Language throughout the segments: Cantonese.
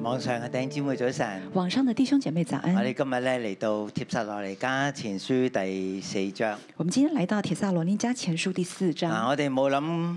網上嘅弟兄姐妹早晨，網上嘅弟兄姐妹早安。我哋今日咧嚟到帖撒羅尼加前書第四章。我們今天嚟到帖撒羅尼加前書第四章。嗱，我哋冇諗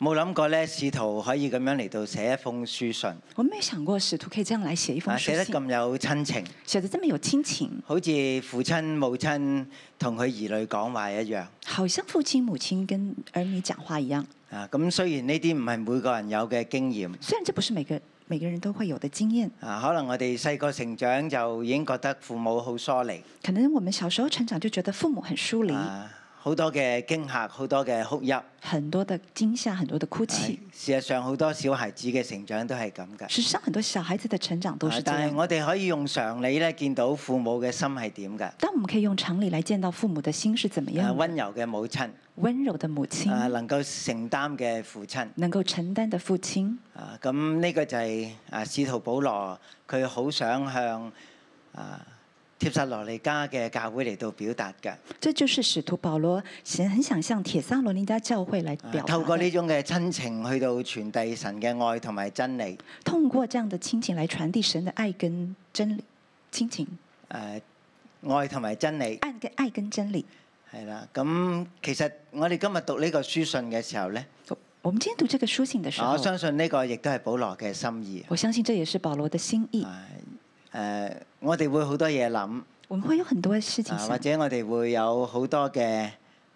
冇諗過咧，使徒可以咁樣嚟到寫一封書信。我未想過使徒可以這樣來寫一封書信，寫得咁有親情，寫得這麼有親情，親情好似父親母親同佢兒女講話一樣，好像父親母親跟兒女講話一樣。啊，咁雖然呢啲唔係每個人有嘅經驗，雖然這不是每個。每個人都會有的經驗啊，可能我哋細個成長就已經覺得父母好疏離。可能我們小時候成長就覺得父母很疏離。啊好多嘅驚嚇，好多嘅哭泣，很多嘅驚嚇，很多嘅哭泣、啊。事實上，好多小孩子嘅成長都係咁嘅。事實上，很多小孩子的成長都是、啊。但係我哋可以用常理咧見到父母嘅心係點㗎？但我們可以用常理來見到父母嘅心是怎麼樣？温、啊、柔嘅母親，温柔嘅母親，能夠承擔嘅父親，能夠承擔嘅父親、啊這個就是。啊，咁呢個就係啊，使徒保羅佢好想向啊。帖撒羅尼加嘅教會嚟到表達嘅，這就是使徒保羅顯然很想向帖撒羅尼加教會來表達、啊、透過呢種嘅親情去到傳遞神嘅愛同埋真理。通過這樣的親情來傳遞神的愛跟真理，親情，誒、呃，愛同埋真理，愛跟愛跟真理，係啦。咁其實我哋今日讀呢個書信嘅時候咧，我們今天讀這個書信嘅時候，我相信呢個亦都係保羅嘅心意。我相信這也是保羅嘅心意。啊。誒，我哋會好多嘢諗，或者我哋會有好多嘅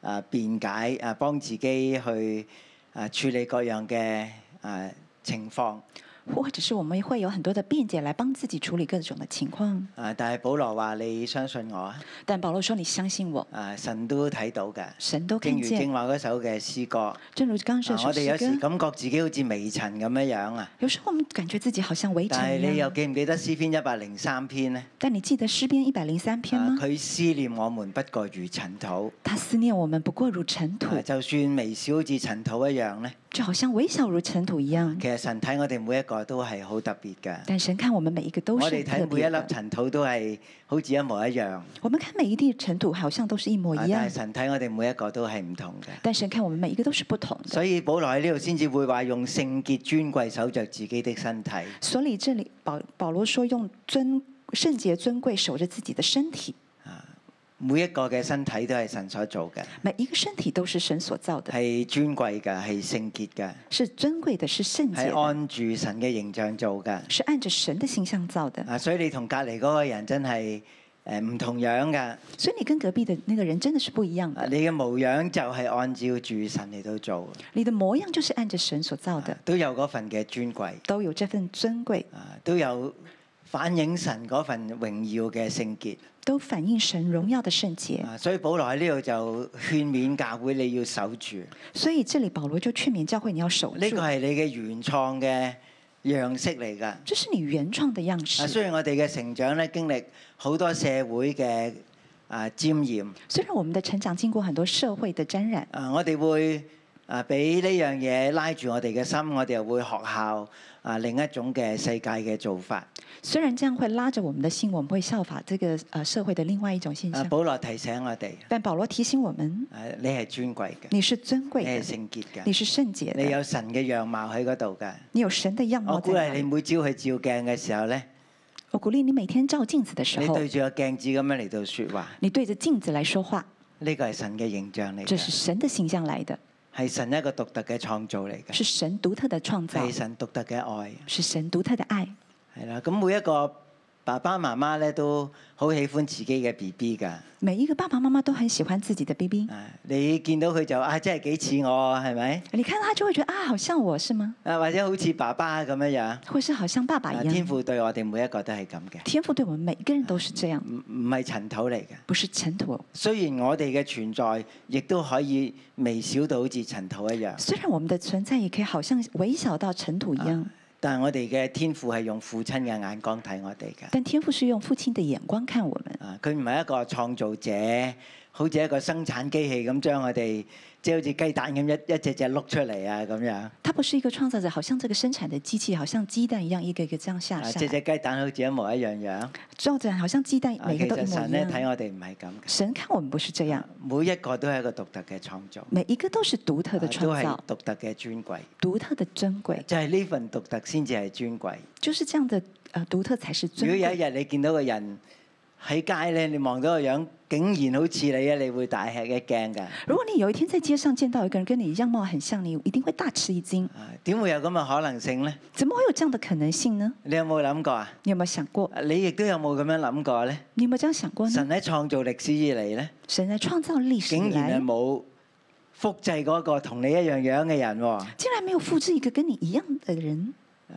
誒辯解誒，幫自己去誒處理各樣嘅誒情況。或者是我們會有很多的辯解來幫自己處理各種的情況。啊！但係保羅話你相信我啊！但保羅說你相信我。啊！神都睇到嘅。神都。正如正話嗰首嘅詩歌。正如剛我哋有時感覺自己好似微塵咁樣樣啊。有時候我們感覺自己好像微塵啊。但係你又記唔記得詩篇一百零三篇呢？但你記得詩篇一百零三篇嗎？佢思念我們不過如塵土。他思念我們不過如塵土，啊如塵土啊。就算微小好似塵土一樣呢？就好像微小如塵土一樣。其實神睇我哋每一個都係好特別嘅。但神看我們每一個都是特別。我哋睇每一粒塵土都係好似一模一樣。我們看每一粒塵土好像都是一模一樣。啊，但神睇我哋每一個都係唔同嘅。但神看我們每一個都是不同的。所以保羅喺呢度先至會話用聖潔尊貴守着自己的身體。所以這裡保保羅說用尊聖潔尊貴守着自己的身體。每一個嘅身體都係神所造嘅，每一個身體都是神所造嘅，係尊貴嘅，係聖潔嘅，是尊貴的，是聖潔，係按住神嘅形象做嘅，是按住神嘅形象造嘅。啊，所以你同隔籬嗰個人真係誒唔同樣嘅。所以你跟隔壁嘅那,那個人真的是不一樣嘅。你嘅模樣就係按照住神嚟到做，你嘅模樣就是按着神,神所造的，都有嗰份嘅尊貴，都有這份尊貴，啊，都有。反映神嗰份榮耀嘅聖潔，都反映神榮耀的聖潔。所以保羅喺呢度就勸勉教會，你要守住。所以這裡保羅就勸勉教會，你要守住。呢個係你嘅原創嘅樣式嚟噶。即係你原創嘅樣式。雖然我哋嘅成長咧經歷好多社會嘅啊沾染，雖然我們的成長經過很多社會的沾染。啊，我哋會啊俾呢樣嘢拉住我哋嘅心，我哋又會學校。啊，另一種嘅世界嘅做法。雖然這樣會拉着我們的心，我們會效法這個誒、啊、社會的另外一種現象。啊，保羅提醒我哋。但保羅提醒我們，誒你係尊貴嘅，你是尊貴嘅，你係聖潔嘅，你是聖潔嘅，你有神嘅樣貌喺嗰度㗎，你有神的樣貌。我鼓勵你每朝去照鏡嘅時候咧，我鼓勵你每天照鏡子嘅時候，你對住個鏡子咁樣嚟到説話，你對著鏡子嚟說話，呢個係神嘅形象嚟。這是神的形象來的。係神一個獨特嘅創造嚟嘅，是神獨特嘅創造，係神獨特嘅愛，是神獨特嘅愛，係啦，咁每一個。爸爸媽媽咧都好喜歡自己嘅 B B 噶。每一個爸爸媽媽都很喜歡自己嘅 B B。啊，你見到佢就啊，真係幾似我係咪？你看他就會覺得啊，好像我是嗎？啊，或者好似爸爸咁樣樣。或者好像爸爸一樣。天父對我哋每一個都係咁嘅。天父對我們每一個人都是這樣。唔，唔係塵土嚟嘅。不是塵土。雖然我哋嘅存在，亦都可以微小到好似塵土一樣。雖然我們的存在，也可以好像微小到塵土一樣。啊但係我哋嘅天父係用父親嘅眼光睇我哋嘅。但天父是用父親的眼光看我們。啊，佢唔係一個創造者。好似一個生產機器咁，將我哋即係好似雞蛋咁一一隻隻碌出嚟啊咁樣。他不是一個創造者，好像這個生產的機器，好像雞蛋一樣，一個一個、啊、這樣下山。隻隻雞蛋好似一模一樣樣。作者好像雞蛋，每個都一模一樣。神咧睇我哋唔係咁。神看我們不是這樣。每一個都係一個獨特嘅創造。每一個都是獨特嘅創造。啊、都係獨特嘅尊貴。獨特嘅尊貴。就係呢份獨特先至係尊貴。就是這樣的，呃，獨特才是尊貴。如果有一日你見到個人。喺街咧，你望到個樣，竟然好似你啊，你會大吃一驚噶。如果你有一天在街上見到一個人跟你樣貌很像，你一定會大吃一驚。點會有咁嘅可能性呢？怎麼會有這樣的可能性呢？你有冇諗過啊？你有冇想過？你亦都有冇咁樣諗過呢？你有冇這樣想過呢？神喺創造歷史以嚟呢？神喺創造歷史以嚟，竟然係冇複製嗰個同你一樣樣嘅人，竟然沒有複製一個跟你一樣嘅人。嗯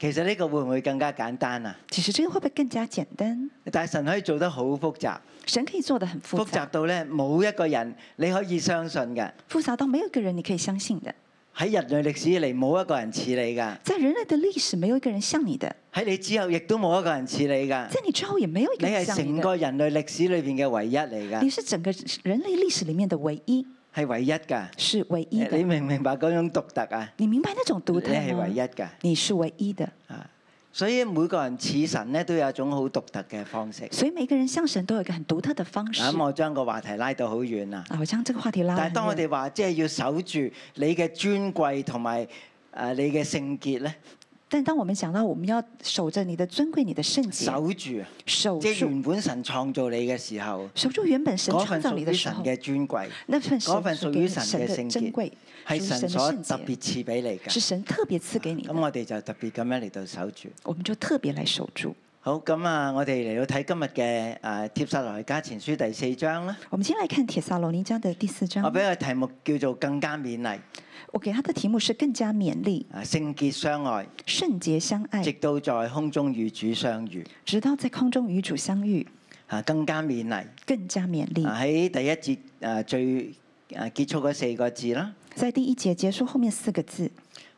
其實呢個會唔會更加簡單啊？其實呢個會不會更加簡單？大神可以做得好複雜。神可以做得很複雜。複雜到呢，冇一個人你可以相信嘅。複雜到沒有一個人你可以相信的。喺人類歷史嚟冇一個人似你噶。在人類的歷史沒有一個人像你的。喺你之後亦都冇一個人似你噶。在你之後也沒有一個你。你係成個人類歷史裏面嘅唯一嚟噶。你是整個人類歷史裡面嘅唯，唯一。係唯一噶，係唯一噶，你明唔明白嗰種獨特啊？你明白呢種獨特，啊？你係唯一噶，你是唯一的。啊，所以每個人似神咧，都有一種好獨特嘅方式。所以每個人像神都有一個很獨特嘅方式。咁我將個話題拉到好遠啦。啊，我將這個話題拉遠。啊、題拉遠。但係當我哋話即係要守住你嘅尊貴同埋誒你嘅聖潔咧。但當我們講到我們要守着你的尊貴、你的聖潔，守住，即係原本神創造你嘅時候，守住原本神創造你嘅神嘅尊貴，那份嗰份屬於神嘅聖潔，係神所特別賜俾你嘅，是神特別賜給你的。咁我哋就特別咁樣嚟到守住，我們就特別嚟守住。好咁啊！我哋嚟到睇今日嘅《誒帖撒羅尼迦前書》第四章啦。我們先來看《帖撒羅尼迦》嘅第四章。我俾個題目叫做更加勉勵。我給他的題目是更加勉勵。聖潔相愛，聖潔相愛，直到在空中與主相遇，直到在空中與主相遇。啊，更加勉勵，更加勉勵。喺第一節誒最誒結束嗰四個字啦。在第一節結束後面四個字。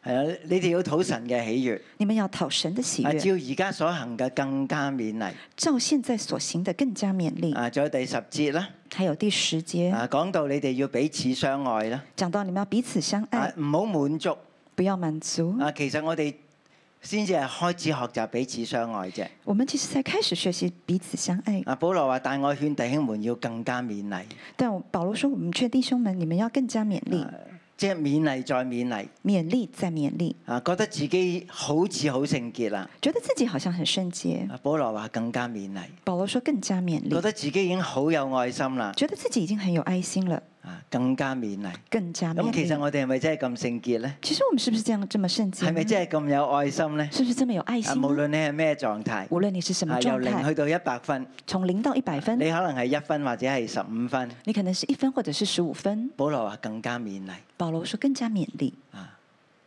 係啊，你哋要討神嘅喜悦。你們要討神的喜悦。照而家所行嘅更加勉勵。照現在所行嘅更加勉勵。啊，仲有第十節啦。還有第十節。啊，講到你哋要彼此相愛啦。講到你們要彼此相愛。唔好滿足。不要滿足。滿足啊，其實我哋先至係開始學習彼此相愛啫。我們其實才開始學習彼此相愛。阿保羅話：但我勸弟兄們要更加勉勵。但保羅說：我唔勸弟兄們，你們要更加勉勵。即係勉勵再勉勵，勉勵再勉勵。啊，覺得自己好似好聖潔啦，覺得自己好像很聖潔。保羅話更加勉勵，保羅說更加勉勵，覺得自己已經好有愛心啦，覺得自己已經很有愛心了。啊，更加勉勵，更加咁。其實我哋係咪真係咁聖潔呢？其實我們是不是這樣這麼聖潔？係咪真係咁有愛心呢？是不是這麼有愛心？無論你係咩狀態，無論你是什麼狀態，由零去到一百分，從零到一百分，你可能係一分或者係十五分，你可能是一分或者是十五分。保羅話更加勉勵，保羅說更加勉勵。啊。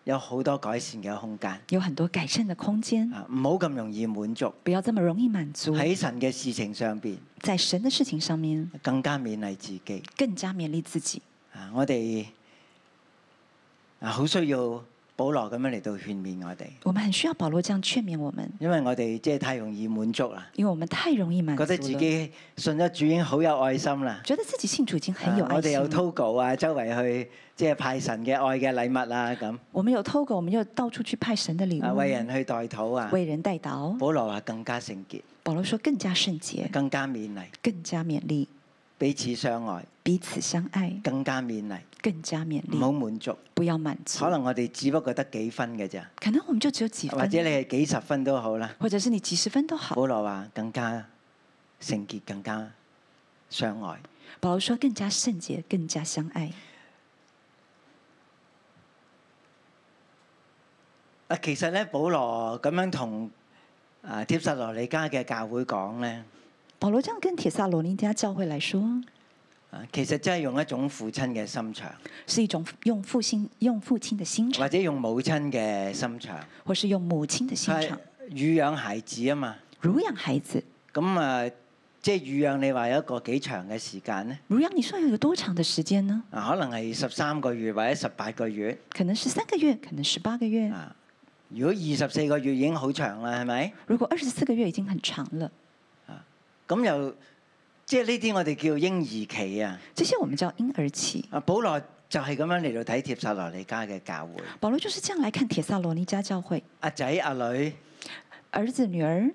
有好多改善嘅空間，有很多改善嘅空間。啊，唔好咁容易滿足，不要這麼容易滿足。喺神嘅事情上邊，在神的事情上面更加勉勵自己，更加勉勵自己。啊，我哋啊好需要。保羅咁樣嚟到勸勉我哋。我們很需要保羅這樣勸勉我們。因為我哋即係太容易滿足啦。因為我們太容易滿足。覺得自己信咗主已經好有愛心啦。覺得自己信主已經很有愛心。我哋有 togo 啊，啊啊周圍去即係、就是、派神嘅愛嘅禮物啊咁。我們有 togo，我們又到處去派神嘅禮物、啊。為人去代禱啊。為人代禱。保羅話更加聖潔。保羅說更加聖潔。更加勉勵。更加勉勵。彼此相愛。彼此相愛。更加勉勵。更加勉勵，唔好滿足，不要滿足。可能我哋只不過得幾分嘅啫，可能我們就只有幾分，或者你係幾十分都好啦，或者是你幾十分都好。保羅話更加聖潔，更加相愛。保羅說更加聖潔，更加相愛。啊，其實咧，保羅咁樣同啊鐵薩羅尼加嘅教會講咧，保羅這樣跟、啊、羅呢保羅這樣跟鐵薩羅尼加教會嚟說。其實真係用一種父親嘅心腸，是一種用父親用父親的心腸，或者用母親嘅心腸，或是用母親嘅心腸。係，乳養孩子啊嘛，乳養孩子。咁、嗯、啊，即係乳養，你話有一個幾長嘅時間呢？乳養，你需要有多長嘅時間呢？啊，可能係十三個月或者十八個月。可能十三個月，可能十八個月。啊，如果二十四個月已經好長啦，係咪？如果二十四個月已經很長了，長了啊，咁又？即係呢啲我哋叫嬰兒期啊！這些我們叫嬰兒期。啊，保羅就係咁樣嚟到睇帖撒羅尼迦嘅教會。保羅就是這樣來看帖撒羅尼迦教會。阿仔阿女，兒子女兒，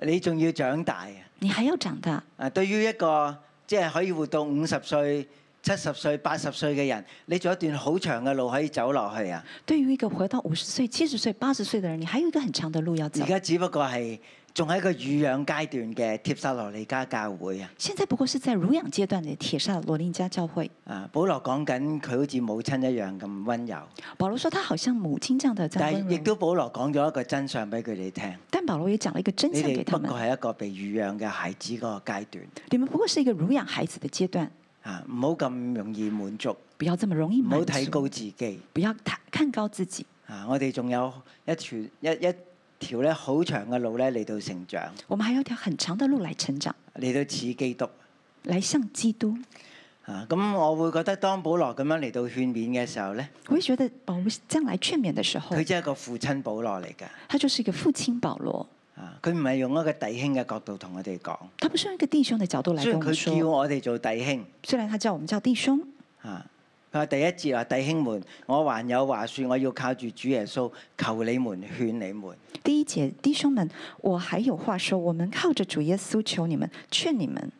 你仲要長大？啊？你還要長大？啊，對於一個即係、就是、可以活到五十歲、七十歲、八十歲嘅人，你做一段好長嘅路可以走落去啊！對於一個活到五十歲、七十歲、八十歲嘅人，你還有一個很長的路要走。而家只不過係。仲喺一個乳養階段嘅帖撒羅尼家教會啊！現在不過是在乳養階段嘅帖撒羅尼家教會。啊，保羅講緊佢好似母親一樣咁溫柔。保羅說，他好像母親這樣的。但係亦都保羅講咗一個真相俾佢哋聽。但保羅也講了一個真相俾他們。你們不過係一個被乳養嘅孩子嗰個階段。你們不過是一個乳養孩子的階段。啊，唔好咁容易滿足。不要這麼容易滿足。唔好提高自己。不要太看高自己。啊，我哋仲有一團一一。一一一條咧好長嘅路咧嚟，到成長，我們還有條很長嘅路嚟成長，嚟到似基督，嚟向基督。啊，咁我會覺得當保羅咁樣嚟到勸勉嘅時候咧，我會覺得保羅將來勸勉嘅時候，佢真係一個父親保羅嚟噶他就是一個父親保羅。羅啊，佢唔係用一個弟兄嘅角度同我哋講，他不是用一個弟兄的角度嚟。度雖然佢叫我哋做弟兄，雖然他叫我們叫弟兄，啊。啊！第一節啊，弟兄們，我還有話說，我要靠住主耶穌，求你們，勸你們。第一節，弟兄們，我還有話說，我們靠着主耶穌求你們，勸你們。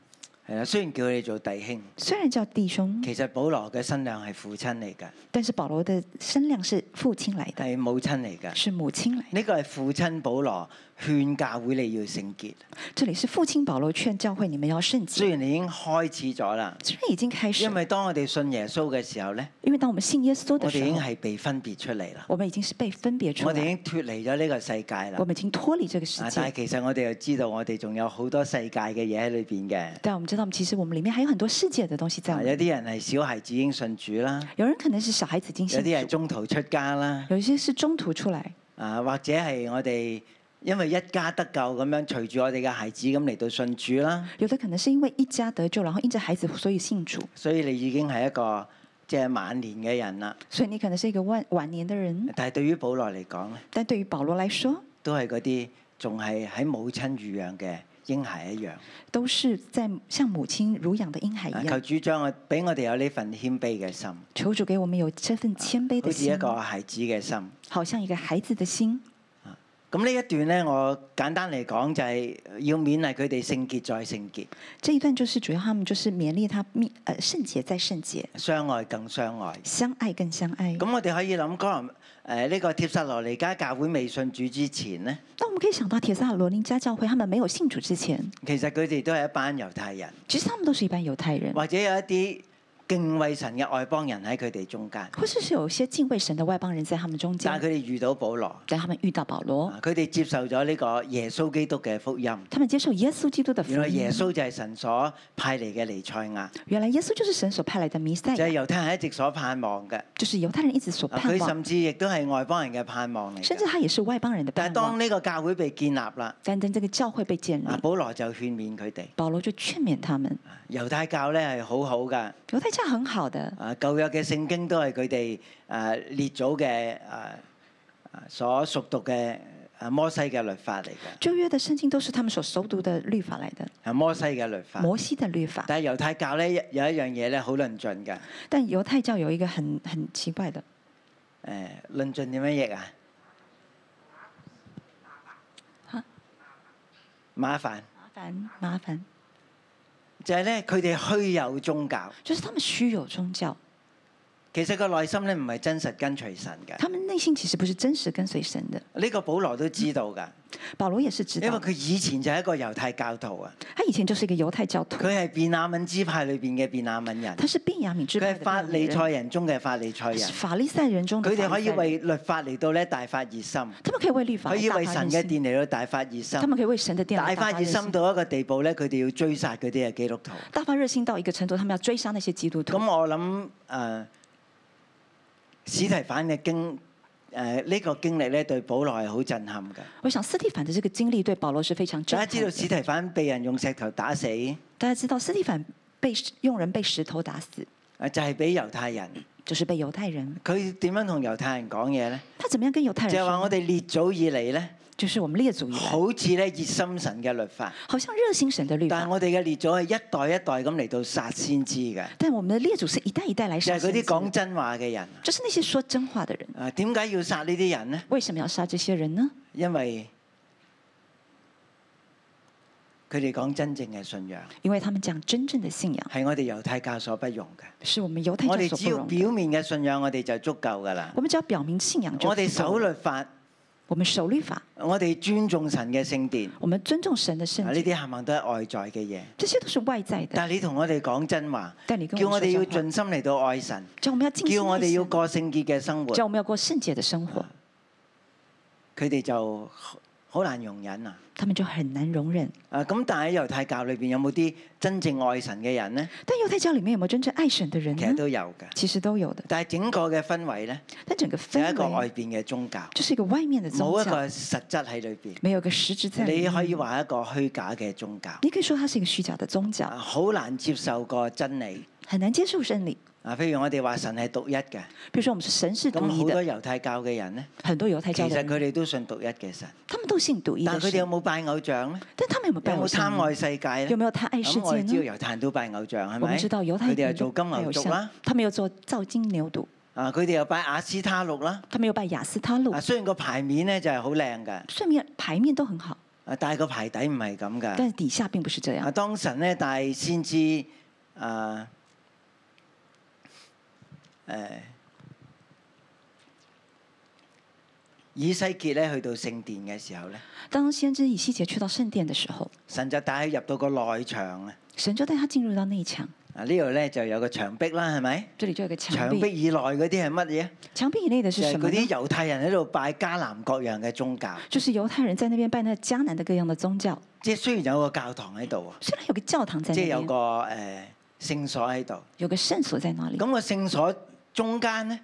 係啦，雖然叫你做弟兄，雖然叫弟兄，其實保羅嘅身量係父親嚟嘅，但是保羅嘅身量是父親嚟的，係母親嚟嘅，是母親嚟。呢個係父親保羅。勸教會你要聖潔。這裏是父親保羅勸教會你們要聖潔。雖然你已經開始咗啦。雖然已經開始。因為當我哋信耶穌嘅時候咧。因為當我們信耶穌的時候。我哋已經係被分別出嚟啦。我們已經是被分別出嚟。我哋已經脫離咗呢個世界啦。我們已經脫離這個世界。世界啊、但係其實我哋又知道我哋仲有好多世界嘅嘢喺裏邊嘅。但係我唔知道，其實我們裏面還有很多世界嘅東西在、啊。有啲人係小孩子已經信主啦。有人可能是小孩子已經信主。有啲係中途出家啦。有啲係中途出嚟，啊，或者係我哋。因為一家得救咁樣，隨住我哋嘅孩子咁嚟到信主啦。有的可能是因為一家得救，然後因着孩子所以信主。所以你已經係一個即係、就是、晚年嘅人啦。所以你可能是一個晚晚年嘅人。但係對於保羅嚟講咧，但對於保羅嚟說，都係嗰啲仲係喺母親乳養嘅嬰孩一樣。都是在像母親乳養嘅嬰孩一樣。求主將、啊、我俾我哋有呢份謙卑嘅心。求主給我們有這份謙卑的心，好似一個孩子嘅心，好像一個孩子的心。咁呢一段咧，我簡單嚟講就係要勉勵佢哋聖潔再聖潔。這一段就是主要，他們就是勉勵他，呃聖潔再聖潔。相愛更相愛。相愛更相愛。咁我哋可以諗，可能誒呢、呃這個帖撒羅尼加教會未信主之前呢，那我們可以想到帖撒羅尼加教會，他們沒有信主之前，其實佢哋都係一班猶太人。其實他們都是一班猶太人。太人或者有一啲，敬畏神嘅外邦人喺佢哋中間，或是是有些敬畏神的外邦人在他們中間。但係佢哋遇到保羅，但係他們遇到保羅，佢哋、啊、接受咗呢個耶穌基督嘅福音。他們接受耶穌基督的。原來耶穌就係神所派嚟嘅彌賽亞。原來耶穌就是神所派嚟的彌賽亞。就係猶太人一直所盼望嘅，就是猶太人一直所盼望。佢、啊、甚至亦都係外邦人嘅盼望嚟。甚至他也是外邦人的。但係當呢個教會被建立啦，當呢個教會被建立，保羅就勸勉佢哋。保羅就勸勉他們。他們啊、猶太教咧係好好噶。係很好的。啊，舊約嘅聖經都係佢哋誒列祖嘅誒所熟讀嘅、啊、摩西嘅律法嚟嘅。舊約嘅聖經都是他們所熟讀的律法嚟嘅。係摩西嘅律法。摩西嘅律法。但係猶太教咧有一樣嘢咧好論盡嘅。但猶太教有一個很很奇怪的。誒、哎，論盡點樣譯啊？哈麻煩煩。麻煩，麻煩。就係咧，佢哋虛有宗教，就係佢哋虛有宗教。其實個內心咧唔係真實跟隨神嘅。他們內心其實不是真實跟隨神的。呢個保羅都知道噶、嗯。保羅也是知道。道。因為佢以前就係一個猶太教徒啊。佢以前就是一個猶太教徒。佢係便雅憫支派裏邊嘅便雅憫人。他是便雅憫支派嘅人。佢係法利賽人中嘅法利賽人。法利賽人中人。佢哋可以為律法嚟到咧大發熱心。他們可以為律法。可以為神嘅殿嚟到大發熱心。他們可以為神嘅殿。大發熱心到一個地步咧，佢哋要追殺嗰啲嘅基督徒。大發熱心到一個程度，他們要追殺那些基督徒。咁我諗誒。呃史提凡嘅經歷，誒、呃、呢、這個經歷咧，對保羅係好震撼噶我想史提凡嘅這個經歷對保羅是非常重撼。大家知道史提凡被人用石頭打死，大家知道史提凡被用人被石頭打死。誒，就係俾猶太人、嗯，就是被猶太人。佢點樣同猶太人講嘢咧？他怎麼樣跟猶太人？就話我哋列祖以嚟咧。就是我們列祖好似咧熱心神嘅律法，好像熱心神嘅律法。律法，但係我哋嘅列祖係一代一代咁嚟到殺先知嘅。但係我們嘅列祖是一代一代來殺先知。就係嗰啲講真話嘅人，就是那些說真話嘅人。啊，點解要殺呢啲人呢？為什麼要殺這些人呢？因為佢哋講真正嘅信仰，因為他們講真正嘅信仰，係我哋猶太教所不容嘅，是我們猶太教所不容。我哋只要表面嘅信仰，我哋就足夠噶啦。我們只要表明信仰就，我哋守律法。我們守律法，我哋尊重神嘅聖殿。我們尊重神的聖殿。呢啲行行都係外在嘅嘢。這些都是外在。但係你同我哋講真話，但你我話叫我哋要盡心嚟到愛神，叫我哋要過聖潔嘅生活，叫我們要過聖潔的生活。佢哋、啊、就。好難容忍啊！他們就很難容忍。啊，咁但係喺猶太教裏邊有冇啲真正愛神嘅人呢？但猶太教裏面有冇真正愛神嘅人？其實都有嘅，其實都有的。但係整個嘅氛圍呢？但整個氛圍有一個外邊嘅宗教，就是一個外面嘅宗教，冇一個實質喺裏邊，沒有個實質在。你可以話一個虛假嘅宗教，你可以說他是一個虛假嘅宗教，好難接受個真理，啊，很難接受真理。啊，譬如我哋話神係獨一嘅。譬如說，我們是神是獨一的。咁好多猶太教嘅人咧，很多猶太教嘅人，其實佢哋都信獨一嘅神。他們都信獨一。但佢哋有冇拜偶像咧？但他們有冇拜偶像？有冇貪愛世界咧？有冇貪愛世界？只要猶太人都拜偶像係咪？知道猶太教佢哋又做金牛犢啦。他們又做造金牛犢。啊，佢哋又拜亞斯他錄啦。他們又拜亞斯他錄。啊，雖然個牌面咧就係好靚嘅。雖然牌面都很好。啊，但係個牌底唔係咁㗎。但係底下並不是這樣。啊，當神咧，但係先知啊。誒、嗯、以西結咧去到聖殿嘅時候咧，當先知以西結去到聖殿嘅時候，神就帶佢入到個內牆啊！神就帶他進入到內牆。啊，呢度咧就有個牆壁啦，係咪？這裡就有個牆壁。牆壁以內嗰啲係乜嘢？牆壁以內嘅是什麼？嗰啲猶太人喺度拜迦南各樣嘅宗教。就是猶太人在那邊拜，拜那迦南的各樣嘅宗教。即係雖然有個教堂喺度啊，雖然有個教堂在。即係有個誒聖所喺度，有個聖所、呃、在哪裡？咁個聖所。中間呢，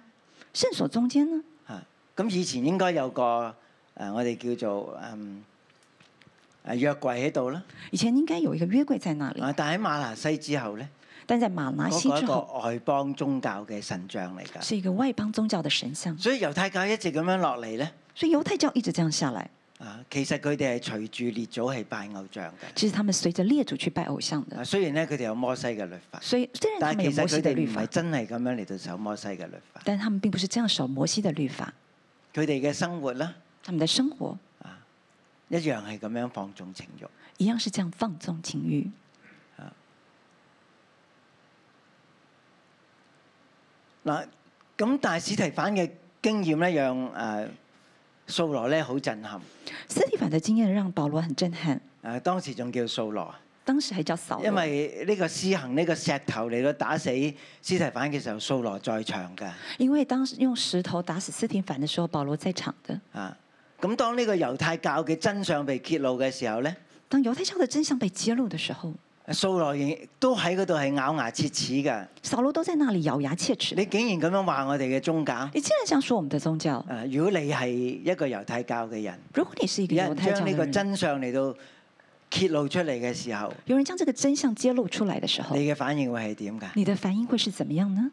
聖所中間呢，嚇，咁以前應該有個誒，我哋叫做誒約櫃喺度啦。以前應該有一個約櫃在那裡。但喺馬拿西之後咧，但在馬拿西之後，一個外邦宗教嘅神像嚟㗎，是一個外邦宗教嘅神，神像。所以猶太教一直咁樣落嚟咧，所以猶太教一直這樣下來。其實佢哋係隨住列祖係拜偶像嘅。其實佢哋隨着列祖去拜偶像的，雖的。雖然咧，佢哋有摩西嘅律法。所以，其實佢哋唔係真係咁樣嚟到守摩西嘅律法。但係，他們並不是這樣守摩西的律法。佢哋嘅生活咧，他們的生活啊，一樣係咁樣放縱情慾。一樣是這樣放縱情欲。嗱，咁、啊、大司提反嘅經驗咧，讓、啊、誒。掃羅咧好震撼，斯蒂凡嘅經驗讓保羅很震撼。誒，當時仲叫掃羅，當時還叫掃羅。因為呢個施行呢個石頭嚟到打死斯蒂凡嘅時候，掃羅在場噶。因為當時用石頭打死斯蒂凡嘅時候，保羅在場的。啊，咁當呢個猶太教嘅真相被揭露嘅時候咧，當猶太教嘅真相被揭露嘅時候。掃羅都喺嗰度係咬牙切齒嘅。掃羅都在那裡咬牙切齒。你竟然咁樣話我哋嘅宗教？你竟然這樣說我們嘅宗教？誒，如果你係一個猶太教嘅人，如果你是一個猶太教嘅人，教人將呢個真相嚟到揭露出嚟嘅時候，有人將呢個真相揭露出來嘅時候，你嘅反應會係點㗎？你嘅反應會是怎麼樣，樣呢？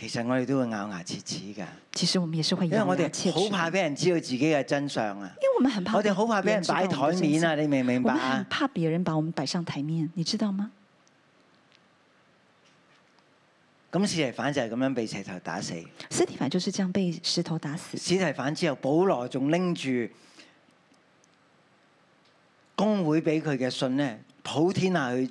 其實我哋都會咬牙切齒噶。其實我們也是會咬牙切齒。因為我哋好怕俾人知道自己嘅真相啊。因為我們很怕。我哋好怕俾人擺台面啊！你明唔明白啊？我們怕別人把我們擺上台面，你知道嗎？咁史提反就係咁樣被石頭打死。史提反就是這樣被石頭打死。史提反之後，保羅仲拎住公會俾佢嘅信呢，普天下去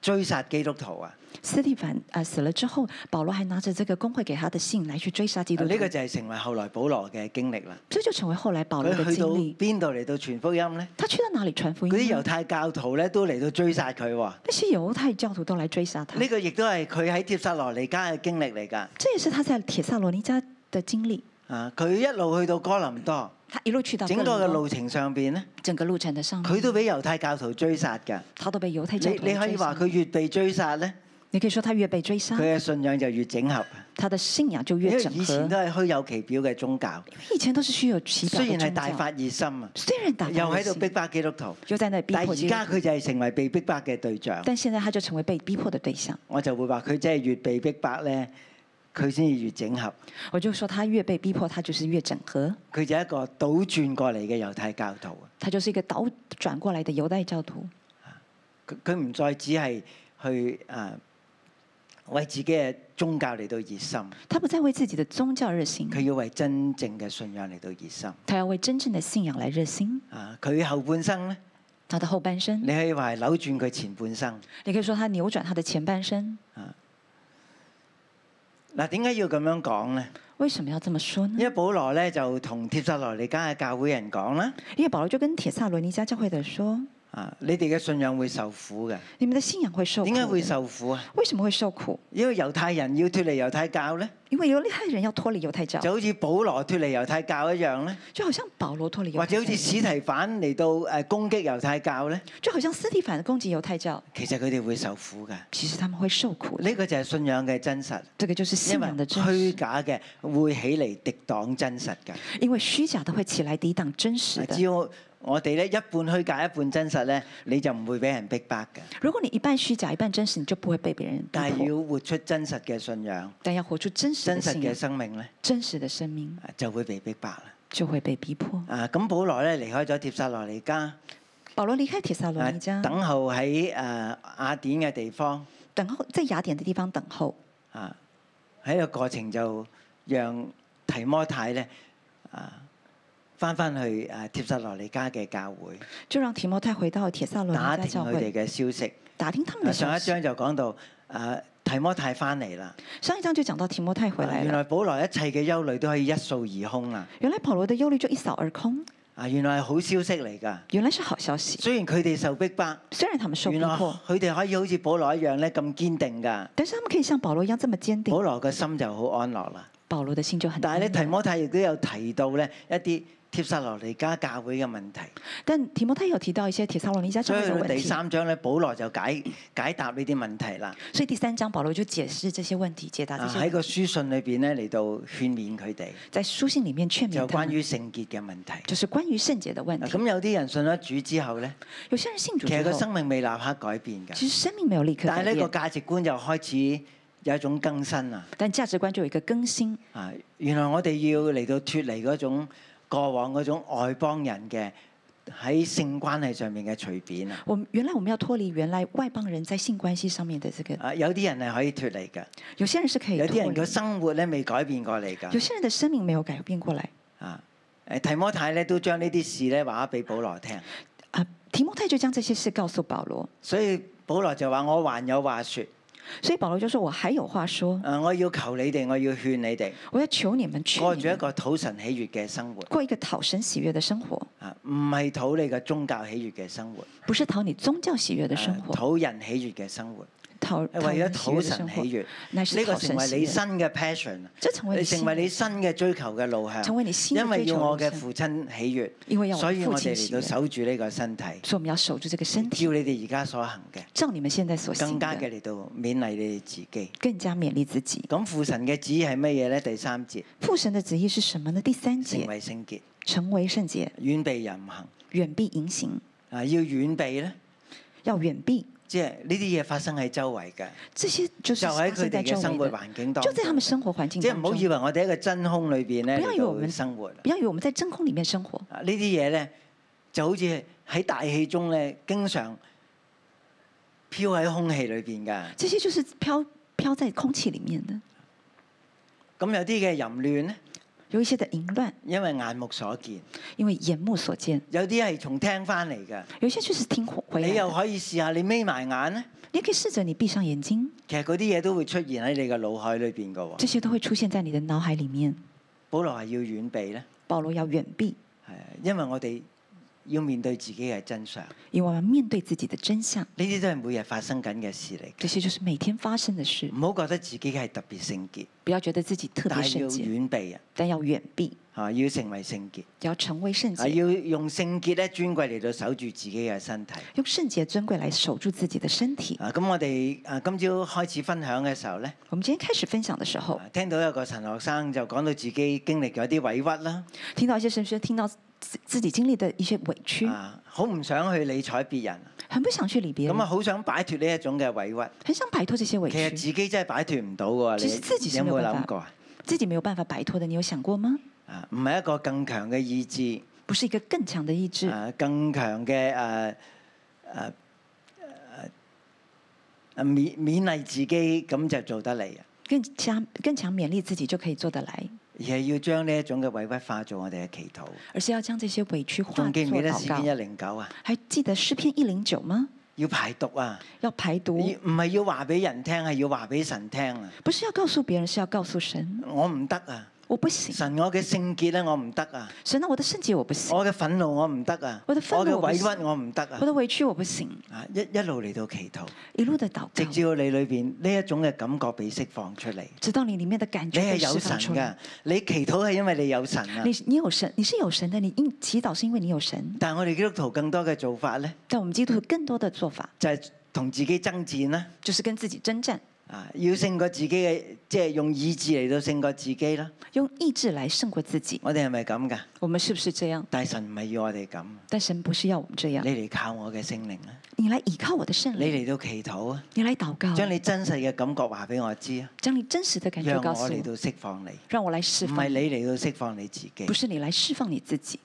追殺基督徒啊！斯蒂凡啊死了之後，保羅還拿着這個公會給他的信來去追殺基督徒。咁呢個就係成為後來保羅嘅經歷啦。所以就成為後來保羅嘅經歷。佢去到邊度嚟到傳福音呢？他去到哪裏傳福音？嗰啲猶太教徒咧都嚟到追殺佢。那些猶太教徒都嚟追殺他。呢個亦都係佢喺帖撒羅尼加嘅經歷嚟噶。即也是他在帖撒羅尼加的經歷。啊，佢一路去到哥林多。他一路去到哥林多。整個嘅路程上邊咧？整個路程的上。佢都俾猶太教徒追殺嘅。他都被猶太教徒。你可以話佢越被追殺咧？你可以說他越被追殺，佢嘅信仰就越整合。他的信仰就越整合。以前都係虛有其表嘅宗教。以前都是虛有其表、其表。雖然係大發熱心啊，雖然大發熱心，又喺度逼迫基督徒。又在那逼迫基督。但而家佢就係成為被逼迫嘅對象。但現在他就成為被逼迫嘅對象。我就會話佢真係越被逼迫咧，佢先至越整合。我就說他越被逼迫，他就是越整合。佢就係一個倒轉過嚟嘅猶太教徒。他就是一個倒轉過嚟嘅猶太教徒。佢佢唔再只係去誒。啊為自己嘅宗教嚟到熱心，他不再為自己嘅宗教熱心，佢要為真正嘅信仰嚟到熱心。佢要為真正嘅信仰嚟熱心。啊，佢後半生咧，他的後半生，你可以話扭轉佢前半生，你可以說他扭轉他的前半生。啊，嗱，點解要咁樣講咧？為什麼要這麼說呢？因為保羅咧就同帖撒羅尼加嘅教會人講啦。因為保羅就跟帖撒羅尼加教會人說。啊！你哋嘅信仰會受苦嘅。你們的信仰會受苦。苦？點解會受苦啊？為什麼會受苦？因為猶太人要脫離猶太教咧。因為猶太人要脫離猶太教。就好似保羅脫離猶太教一樣咧。就好像保羅脫離猶太教。或者好似史提凡嚟到誒攻擊猶太教咧。就好像史提凡攻擊猶太教。其實佢哋會受苦嘅。其實他們會受苦。呢個就係信仰嘅真實。呢個就係信仰嘅真實。因為虛假嘅會起嚟抵擋真實嘅。因為虛假都會起嚟抵擋真實的。我哋咧一半虛假一半真實咧，你就唔會俾人逼迫嘅。如果你一半虛假一半真實，你就不會被別人。但係要活出真實嘅信仰。但要活出真實真實嘅生命咧。真實嘅生命就會被逼迫啦。就會被逼迫。啊，咁保羅咧離開咗帖撒羅尼加。保羅離開帖撒羅尼加。啊、等候喺誒、啊、雅典嘅地方。等候在雅典嘅地方等候。啊，喺呢個過程就讓提摩太咧啊。翻翻去誒帖撒羅尼迦嘅教會，就讓提摩太回到帖撒羅尼迦教會，打聽佢哋嘅消息，打聽他們。他們上一章就講到誒、啊、提摩太翻嚟啦。上一章就講到提摩太回嚟啦、啊。原來保羅一切嘅憂慮都可以一掃而空啦。原來保羅的憂慮就一掃而空。啊，原來係好消息嚟㗎。原來是好消息。雖然佢哋受逼迫，雖然他們受逼迫，原來佢哋可以好似保羅一樣咧咁堅定㗎。但是他們可以像保羅一樣這麼堅定。保羅嘅心就好安樂啦。保羅嘅心就很安心。就很安但係咧，提摩太亦都有提到咧一啲帖撒羅尼加教會嘅問題，但係提摩太又提到一些帖撒羅尼加教會嘅問題。所以佢第三章咧，保羅就解解答呢啲問題啦。所以第三章，保羅就解釋這些問題，解答這些。喺、啊、個書信裏邊咧，嚟到勸勉佢哋。在書信裡面勸勉。就關於聖潔嘅問題。就是關於聖潔嘅問題。咁有啲人信咗主之後咧，有些人信主。主其實個生命未立刻改變㗎。其實生命沒有立刻改變。但係呢個價值觀又開始有一種更新啊！但價值觀就有一個更新啊！原來我哋要嚟到脱離嗰種。過往嗰種外邦人嘅喺性關係上面嘅隨便啊！我原來我們要脱離，原來外邦人在性關係上面的這個。啊，有啲人係可以脱離㗎。有些人是可以。有啲人嘅生活咧未改變過嚟㗎。有些人的生命沒有改變過嚟。啊，誒提摩太咧都將呢啲事咧話咗俾保羅聽。啊，提摩太、啊、就將這些事告訴保羅。所以保羅就話：我還有話説。所以保羅就說，我還有話說，誒，我要求你哋，我要勸你哋，我要求你們，你們過住一個討神喜悦嘅生活，過一個討神喜悦嘅生活，啊，唔係討你個宗教喜悦嘅生活，不是討你宗教喜悦嘅生活，討、啊、人喜悦嘅生活。為咗討神喜悦，呢個成為你新嘅 passion，你成為你新嘅追求嘅路向，因為要我嘅父親喜悦，所以我哋嚟到守住呢個身體。所以我們要守住呢個身體。照你哋而家所行嘅，照你們現在所行嘅，更加嘅嚟到勉勵你自己，更加勉勵自己。咁父神嘅旨意係乜嘢咧？第三節，父神嘅旨意是什麼呢？第三節，成為聖潔，成為聖潔，遠避淫行，遠避淫行，啊，要遠避咧？要遠避。即係呢啲嘢發生喺周圍嘅，這些就喺佢哋嘅生活環境當中，就在他們生活環境。即係唔好以為我哋喺個真空裏邊咧，不要以為我們生活，不要以為我們在真空裡面生活。呢啲嘢咧，就好似喺大氣中咧，經常飄喺空氣裏邊噶。這些就是飄飄在空氣裡面的。咁有啲嘅淫亂咧。有一些的淫亂，因為眼目所見，因為眼目所見，有啲係從聽翻嚟嘅，有些就是聽回來。你又可以試下，你眯埋眼呢？你可以試着你閉上眼睛。其實嗰啲嘢，都會出現喺你嘅腦海裏面嘅，這些都會出現在你的腦海裏面。保羅係要遠避呢？保羅要遠避，係，因為我哋。要面對自己嘅真相，要面對自己的真相。呢啲都係每日發生緊嘅事嚟。呢些就是每天發生嘅事。唔好覺得自己係特別聖潔，不要覺得自己特別聖潔。但要遠避啊！但要遠避啊！要成為聖潔，要成為聖潔、啊，要用聖潔咧尊貴嚟到守住自己嘅身體，用聖潔尊貴嚟守住自己嘅身體。啊！咁我哋啊今朝開始分享嘅時候呢，我們今天開始分享嘅時候、啊，聽到有個陳學生就講到自己經歷咗啲委屈啦。聽到一些信息，聽到。自己經歷的一些委屈啊，好唔想去理睬別人，很不想去理別人。咁啊，好想擺脱呢一種嘅委屈，很想擺脱這些委屈。其實自己真係擺脱唔到㗎。其實自己有冇諗過啊？自己冇辦法擺脱的，你有想過嗎？啊，唔係一個更強嘅意志，不是一個更強嘅意志。啊，更強嘅誒誒誒勉勉勵自己，咁就做得嚟啊！更加更強勉勵自己就可以做得嚟。而係要將呢一種嘅委屈化做我哋嘅祈禱，而是要將這些委屈化作禱告。仲記唔記得詩篇一零九啊？還記得詩篇一零九嗎？要排毒啊！要排毒。唔係要話俾人聽，係要話俾神聽啊！不是要告訴別人，是要告訴神。我唔得啊！我不行。神，我嘅聖潔咧，我唔得啊。神啊，我的聖潔，我不行。我嘅憤怒，我唔得啊。我，我的憤怒我不行。我嘅委屈我唔得啊。我的委屈我不行。一一路嚟到祈禱，一路的禱告，直至到你裏邊呢一種嘅感覺被釋放出嚟。直到你裏面的感覺被釋放出嚟。你係有神噶，你祈禱係因為你有神啊。你你有神，你是有神的，你應祈禱是因為你有神。但係我哋基督徒更多嘅做法咧？但係我們基督徒更多嘅做法就係同自己爭戰啦。嗯、就是跟自己爭戰。嗯要勝過自己嘅，即係用意志嚟到勝過自己啦。用意志嚟勝過自己。我哋係咪咁噶？我們是不是這樣？但神唔係要我哋咁。但神不是要我們這樣。你嚟靠我嘅聖靈啦。你嚟倚靠我嘅聖靈。你嚟到祈禱啊。你嚟禱告啊。將你真實嘅感覺話俾我知啊。將你真實嘅感覺告訴我。讓我嚟到釋放你。讓我來釋放你。唔係你嚟到釋放你自己。不是你來釋放你自己。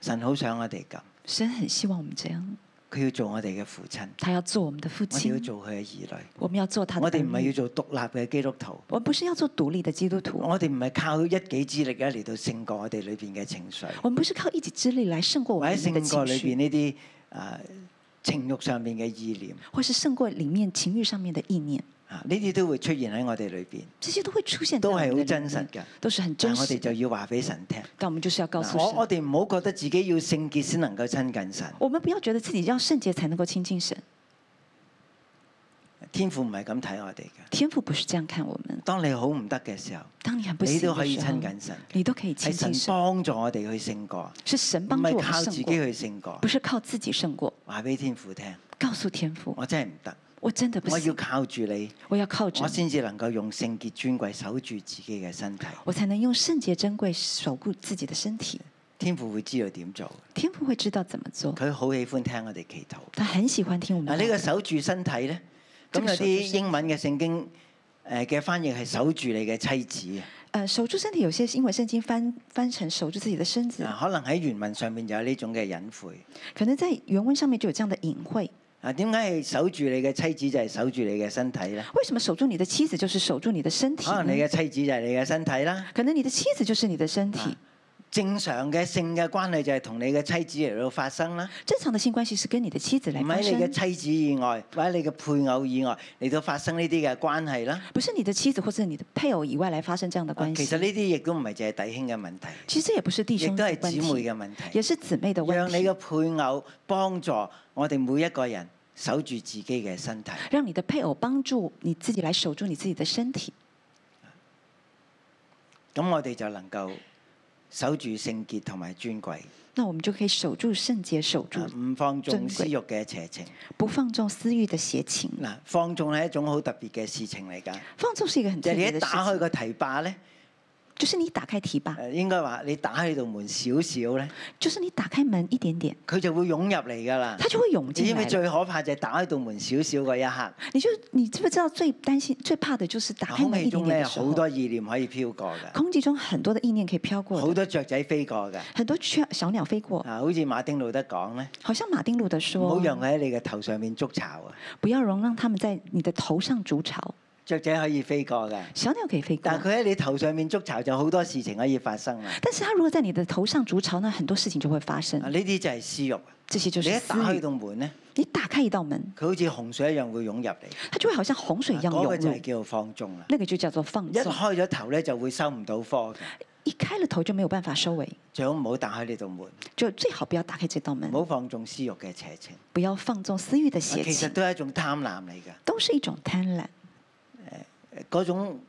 神好想我哋咁。神很希望我們這樣。佢要做我哋嘅父親，佢要做我哋嘅父親。我哋要做佢嘅兒女。我哋要做他。我哋唔係要做獨立嘅基督徒，我們不是要做獨立的基督徒。我哋唔係靠一己之力啊，嚟到勝過我哋裏邊嘅情緒。我們不是靠一己之力來勝過我哋嘅情緒。喺聖潔裏邊呢啲啊情慾上面嘅意念，或是勝過裡面情慾上面嘅意念。呢啲都會出現喺我哋裏邊，這些都會出現。都係好真實嘅，都是很真實。我哋就要話俾神聽。但我們就要告訴神，我我哋唔好覺得自己要聖潔先能夠親近神我。我們不要覺得自己要聖潔才能夠親近神。天父唔係咁睇我哋嘅。天父不是這樣看我們。當你好唔得嘅時候，當你很不行嘅時候，你都可以親近神，你都可以親近。係神幫助我哋去勝過，是神幫助勝過，唔係靠自己去勝過。不是，勝過不是靠自己勝過。話俾天父聽，告訴天父，我真係唔得。我真的不行。我要靠住你，我要靠住我，先至能夠用聖潔尊貴守住自己嘅身體。我才能用聖潔尊貴守護自己的身體。天父會知道點做？天父會知道怎麼做？佢好喜歡聽我哋祈禱。他很喜歡聽我們祈禱。嗱，呢個守住身體呢？咁有啲英文嘅聖經，誒嘅翻譯係守住你嘅妻子啊。誒，守住身體，有些，身體有些英文聖經翻翻成守住自己嘅身子。啊，可能喺原文上面就有呢種嘅隱晦。可能在原文上面就有這樣的隱晦。啊！點解係守住你嘅妻子就係守住你嘅身體咧？為什麼守住你的妻子就是守住你嘅身體呢？可能、啊、你嘅妻子就係你嘅身體啦。可能你的妻子就是你嘅身體。啊。正常嘅性嘅關係就係同你嘅妻子嚟到發生啦。正常嘅性關係是跟你的妻子嚟到發生。唔係你嘅妻子以外，或者你嘅配偶以外嚟到發生呢啲嘅關係啦。不是你的妻子或者你的配偶以外嚟發生這樣的關係。其實呢啲亦都唔係淨係弟兄嘅問題。其實也不係弟兄亦都係姊妹嘅問題。也是姊妹的問題。讓你嘅配偶幫助我哋每一個人守住自己嘅身體。讓你的配偶幫助你自己來守住你自己的身體。咁我哋就能夠。守住聖潔同埋尊貴，那我們就可以守住聖潔，守住。唔、啊、放縱私欲嘅邪情，不放縱私欲嘅邪情。嗱、啊，放縱係一種好特別嘅事情嚟㗎。放縱是一個很特別嘅事情。即係你一打開個堤壩咧。就是你打開題吧。應該話你打開呢道門少少咧。就是你打開門一點點，佢就會湧入嚟噶啦。它就會湧進嚟。因為最可怕就係打開道門少少嗰一刻。你就你知不知道最擔心、最怕的，就是打開門一點點嘅時候。空氣中咧好多意念可以飄過嘅。空氣中很多的意念可以飄過。好多雀仔飛過嘅。很多雀、多小鳥飛過。啊，好似馬丁路德講咧。好像馬丁路德說。唔好容喺你嘅頭上面築巢啊！不要容讓他們在你的頭上築巢。雀仔可以飛過嘅，小鳥可以飛過。但佢喺你頭上面築巢就好多事情可以發生啦。但是，佢如果喺你嘅頭上築巢，呢很多事情就會發生。呢啲就係私欲。這些就是。你一打開一道門呢？你打開一道門，佢好似洪水一樣會湧入嚟。佢就會好像洪水一樣湧入。講嘅就係叫做放縱啦。呢、那個就叫做放。做放一開咗頭咧，就會收唔到科嘅。一開咗頭，就冇辦法收尾。最好唔好打開呢道門。就最好不要打開這道門。唔好放縱私欲嘅邪情。不要放縱私欲嘅邪情。其實都係一種貪婪嚟㗎。都是一種貪婪。嗰種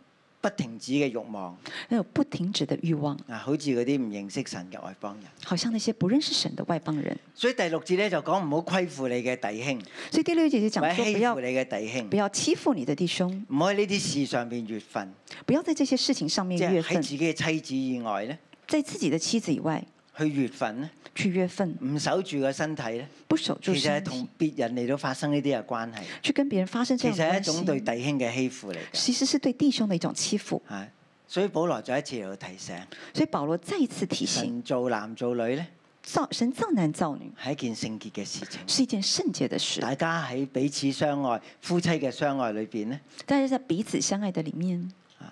不停止嘅慾望，有不停止嘅慾望。啊，好似嗰啲唔認識神嘅外邦人，好像那些不認識神嘅外邦人。所以第六節咧就講唔好虧負你嘅弟兄。所以第六節就講唔好虧負你嘅弟兄，不要欺負你的弟兄。唔可以呢啲事上邊越分，不要在這些事情上面越分。喺自己嘅妻子以外咧，在自己嘅妻子以外。去月份咧？去月份。唔守住個身體咧？不守住。其實係同別人嚟到發生呢啲嘅關係。去跟別人發生。其實係一種對弟兄嘅欺負嚟嘅。其實是對弟兄嘅一種欺負。係、啊，所以保羅再一次嚟到提醒。所以保羅再一次提醒。做男做女咧？造神造男造女係一件聖潔嘅事情。是一件聖潔嘅事，事。大家喺彼此相愛、夫妻嘅相愛裏邊咧？大家喺彼此相愛嘅裏面。啊，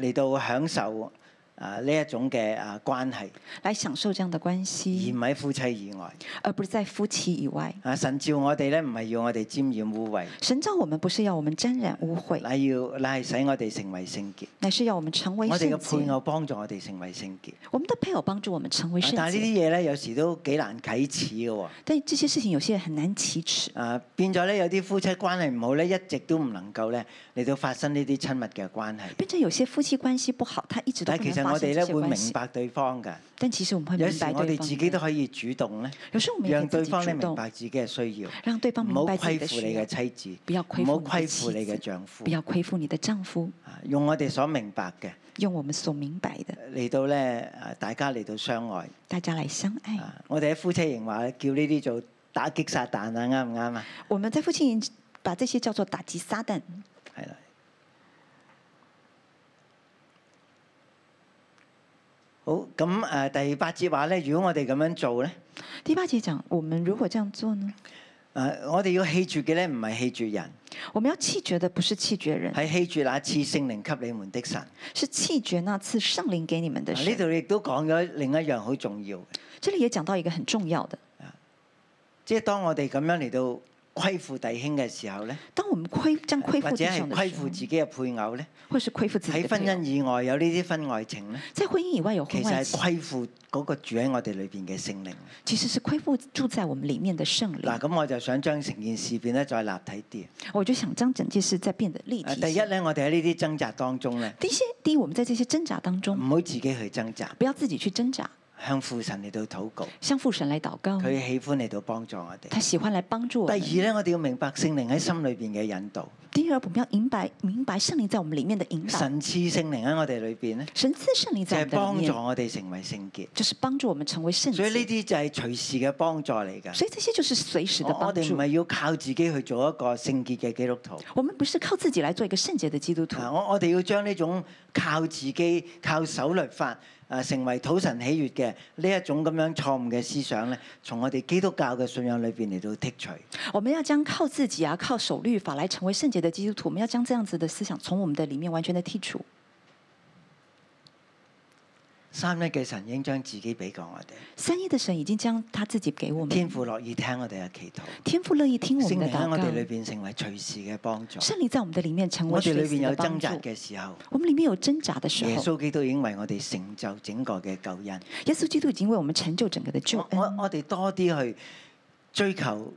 嚟到享受。啊！呢一種嘅啊關係，嚟享受這樣嘅關係，而唔係夫妻以外，而不是在夫妻以外。以外啊！神召我哋咧，唔係要我哋沾染污穢，神召我們不是要我們沾染污穢，乃要乃係使我哋成為聖潔，乃是要我們成為聖潔。我哋嘅配偶幫助我哋成為聖潔，我們的配偶幫助我們成為聖潔，啊。但係呢啲嘢咧，有時都幾難啟齒嘅喎。但係這些事情有些很難啟齒。啊！變咗咧，有啲夫妻關係唔好咧，一直都唔能夠咧嚟到發生呢啲親密嘅關係。變咗有些夫妻關係不好，他一直都。但我哋咧會明白對方嘅，有啲時我哋自己都可以主動咧，讓對方明白自己嘅需要，讓對方唔好虧負你嘅妻子，唔好虧負你嘅丈夫，不要虧負你的丈夫。用我哋所明白嘅，用我們所明白嘅嚟到咧，大家嚟到相愛，大家嚟相愛。我哋喺夫妻營話叫呢啲做打擊撒旦啊，啱唔啱啊？我們在夫妻營、啊、把這些叫做打擊撒旦。好咁誒、嗯，第八節話咧，如果我哋咁樣做咧？第八節講，我們如果這樣做呢？誒，我哋要棄絕嘅咧，唔係棄絕人。我們要棄絕嘅，不是棄絕人，係棄絕那次聖靈給你們的神、嗯。是棄絕那次聖靈給你們的神。呢度亦都講咗另一樣好重要。這裏也講到一個很重要的，嗯要的啊，即係當我哋咁樣嚟到。虧負弟兄嘅時候咧，當我們虧將虧負，或者係虧負自己嘅配偶咧，或是虧負自己喺婚姻以外有呢啲婚外情咧。即係婚姻以外有婚外情。其實虧負嗰個住喺我哋裏邊嘅聖靈。其實是虧負住在我們裡面的聖靈。嗱，咁我就想將成件事變得再立體啲。我就想將整件事再變得立體第呢呢第。第一咧，我哋喺呢啲掙扎當中咧。第一，第一我們在呢啲掙扎當中，唔好自己去掙扎，不要自己去掙扎。向父神嚟到禱告，向父神嚟禱告，佢喜歡嚟到幫助我哋。他喜歡嚟幫助我。第二咧，我哋要明白聖靈喺心裏邊嘅引導。第二，我們要明白，要明，白明白聖靈在我們裏面嘅引導。神賜聖靈喺我哋裏邊咧。神賜聖靈就係幫助我哋成為聖潔。就是幫助我們成為聖潔。聖潔所以呢啲就係隨時嘅幫助嚟㗎。所以呢啲就是隨時嘅幫助。我哋唔係要靠自己去做一個聖潔嘅基督徒。我們不是靠自己來做一個聖潔的基督徒。我我哋要將呢種靠自己靠守律法。成為土神喜悅嘅呢一種咁樣錯誤嘅思想呢，從我哋基督教嘅信仰裏邊嚟到剔除。我們要將靠自己啊、靠守律法來成為聖潔的基督徒，我們要將這樣子的思想從我們的裡面完全的剔除。三一嘅神已經將自己俾過我哋。三一嘅神已經將他自己給我們。天父樂意聽我哋嘅祈禱。天父樂意聽我哋。聖靈喺我哋裏邊成為隨時嘅幫助。聖靈在我們的裏面成為隨時嘅幫助。我哋裏邊有掙扎嘅時候。我們裏面有掙扎嘅時候。耶穌基督已經為我哋成就整個嘅救恩。耶穌基督已經為我們成就整個嘅救恩。我我我哋多啲去追求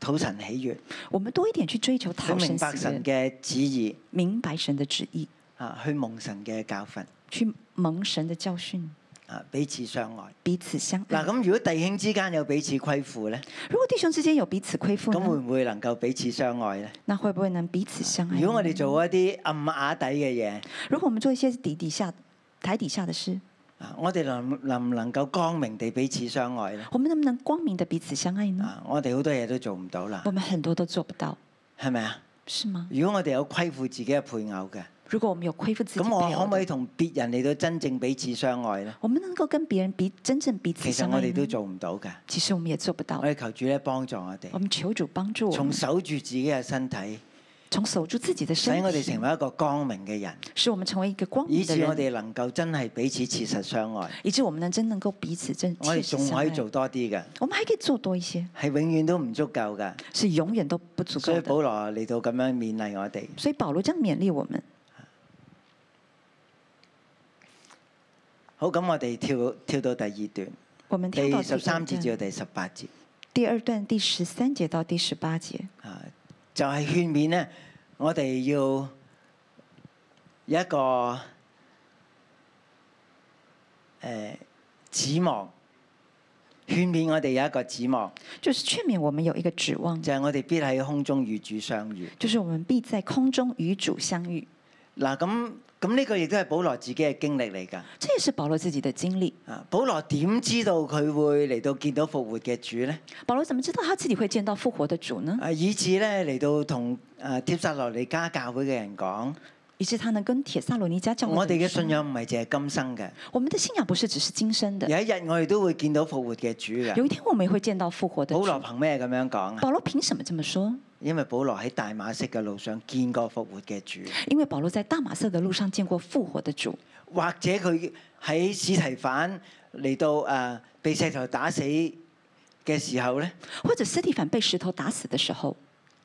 討神喜悦。我們多一點去追求討神喜悦。明白神嘅旨意。明白神嘅旨意。啊，去蒙神嘅教訓。去蒙神嘅教訓啊！彼此相愛，彼此相愛。嗱、啊，咁如果弟兄之間有彼此虧負咧？如果弟兄之間有彼此虧負，咁會唔會能夠彼此相愛咧？嗱，會唔會能彼此相愛？如果我哋做一啲暗啞底嘅嘢？如果我們做一些底底下、嗯、台底下的事，啊，我哋能能唔能夠光明地彼此相愛咧？我們能唔能，能光明地彼此相愛呢？啊、我哋好多嘢都做唔到啦。我們很多都做不到，係咪啊？是嗎？如果我哋有虧負自己嘅配偶嘅？如果我們有虧負自己，咁我可唔可以同別人嚟到真正彼此相愛呢？我們能夠跟別人比真正彼此相愛。其實我哋都做唔到嘅。其實我們也做不到。我哋求主咧幫助我哋。我們求主幫助我們。從守住自己嘅身體，從守住自己嘅身體，使我哋成為一個光明嘅人，使我們成為一個光明的人。以至我哋能夠真係彼此切實相愛，以至我們，能真，至我們能真能夠彼此真彼此。我哋仲可以做多啲嘅。我們還可以做多一些，係永遠都唔足夠嘅。是永遠都不足夠。足夠。所以保羅嚟到咁樣勉勵我哋。所以保羅將勉勵我們。好，咁我哋跳跳，到第二段，我哋第十三節至到第十八節。第二段第十三節到第十八節，啊，就係勸勉咧，我哋要有一個誒、呃、指望，勸勉我哋有一個指望，就是勸勉我們有一個指望，就係我哋必喺空中與主相遇，就是我們必在空中與主相遇。嗱咁。啊咁呢個亦都係保羅自己嘅經歷嚟㗎。即係保羅自己嘅經歷。啊，保羅點知道佢會嚟到見到復活嘅主咧？保羅怎麼知道他自己會見到復活嘅主呢？啊，以致咧嚟到同啊帖撒羅尼加教會嘅人講。以致他能跟帖撒羅尼迦教我哋嘅信仰唔係淨係今生嘅。我們的信仰不是只是今生嘅。有一日我哋都會見到復活嘅主嘅。有一天我們也會見到復活嘅主的。保羅憑咩咁樣講？保羅憑什麼這麼說？因為保羅喺大馬色嘅路上見過復活嘅主。因為保羅在大馬色嘅路上見過復活嘅主。主或者佢喺司提反嚟到誒、啊、被石頭打死嘅時候咧？或者司提反被石頭打死嘅時候？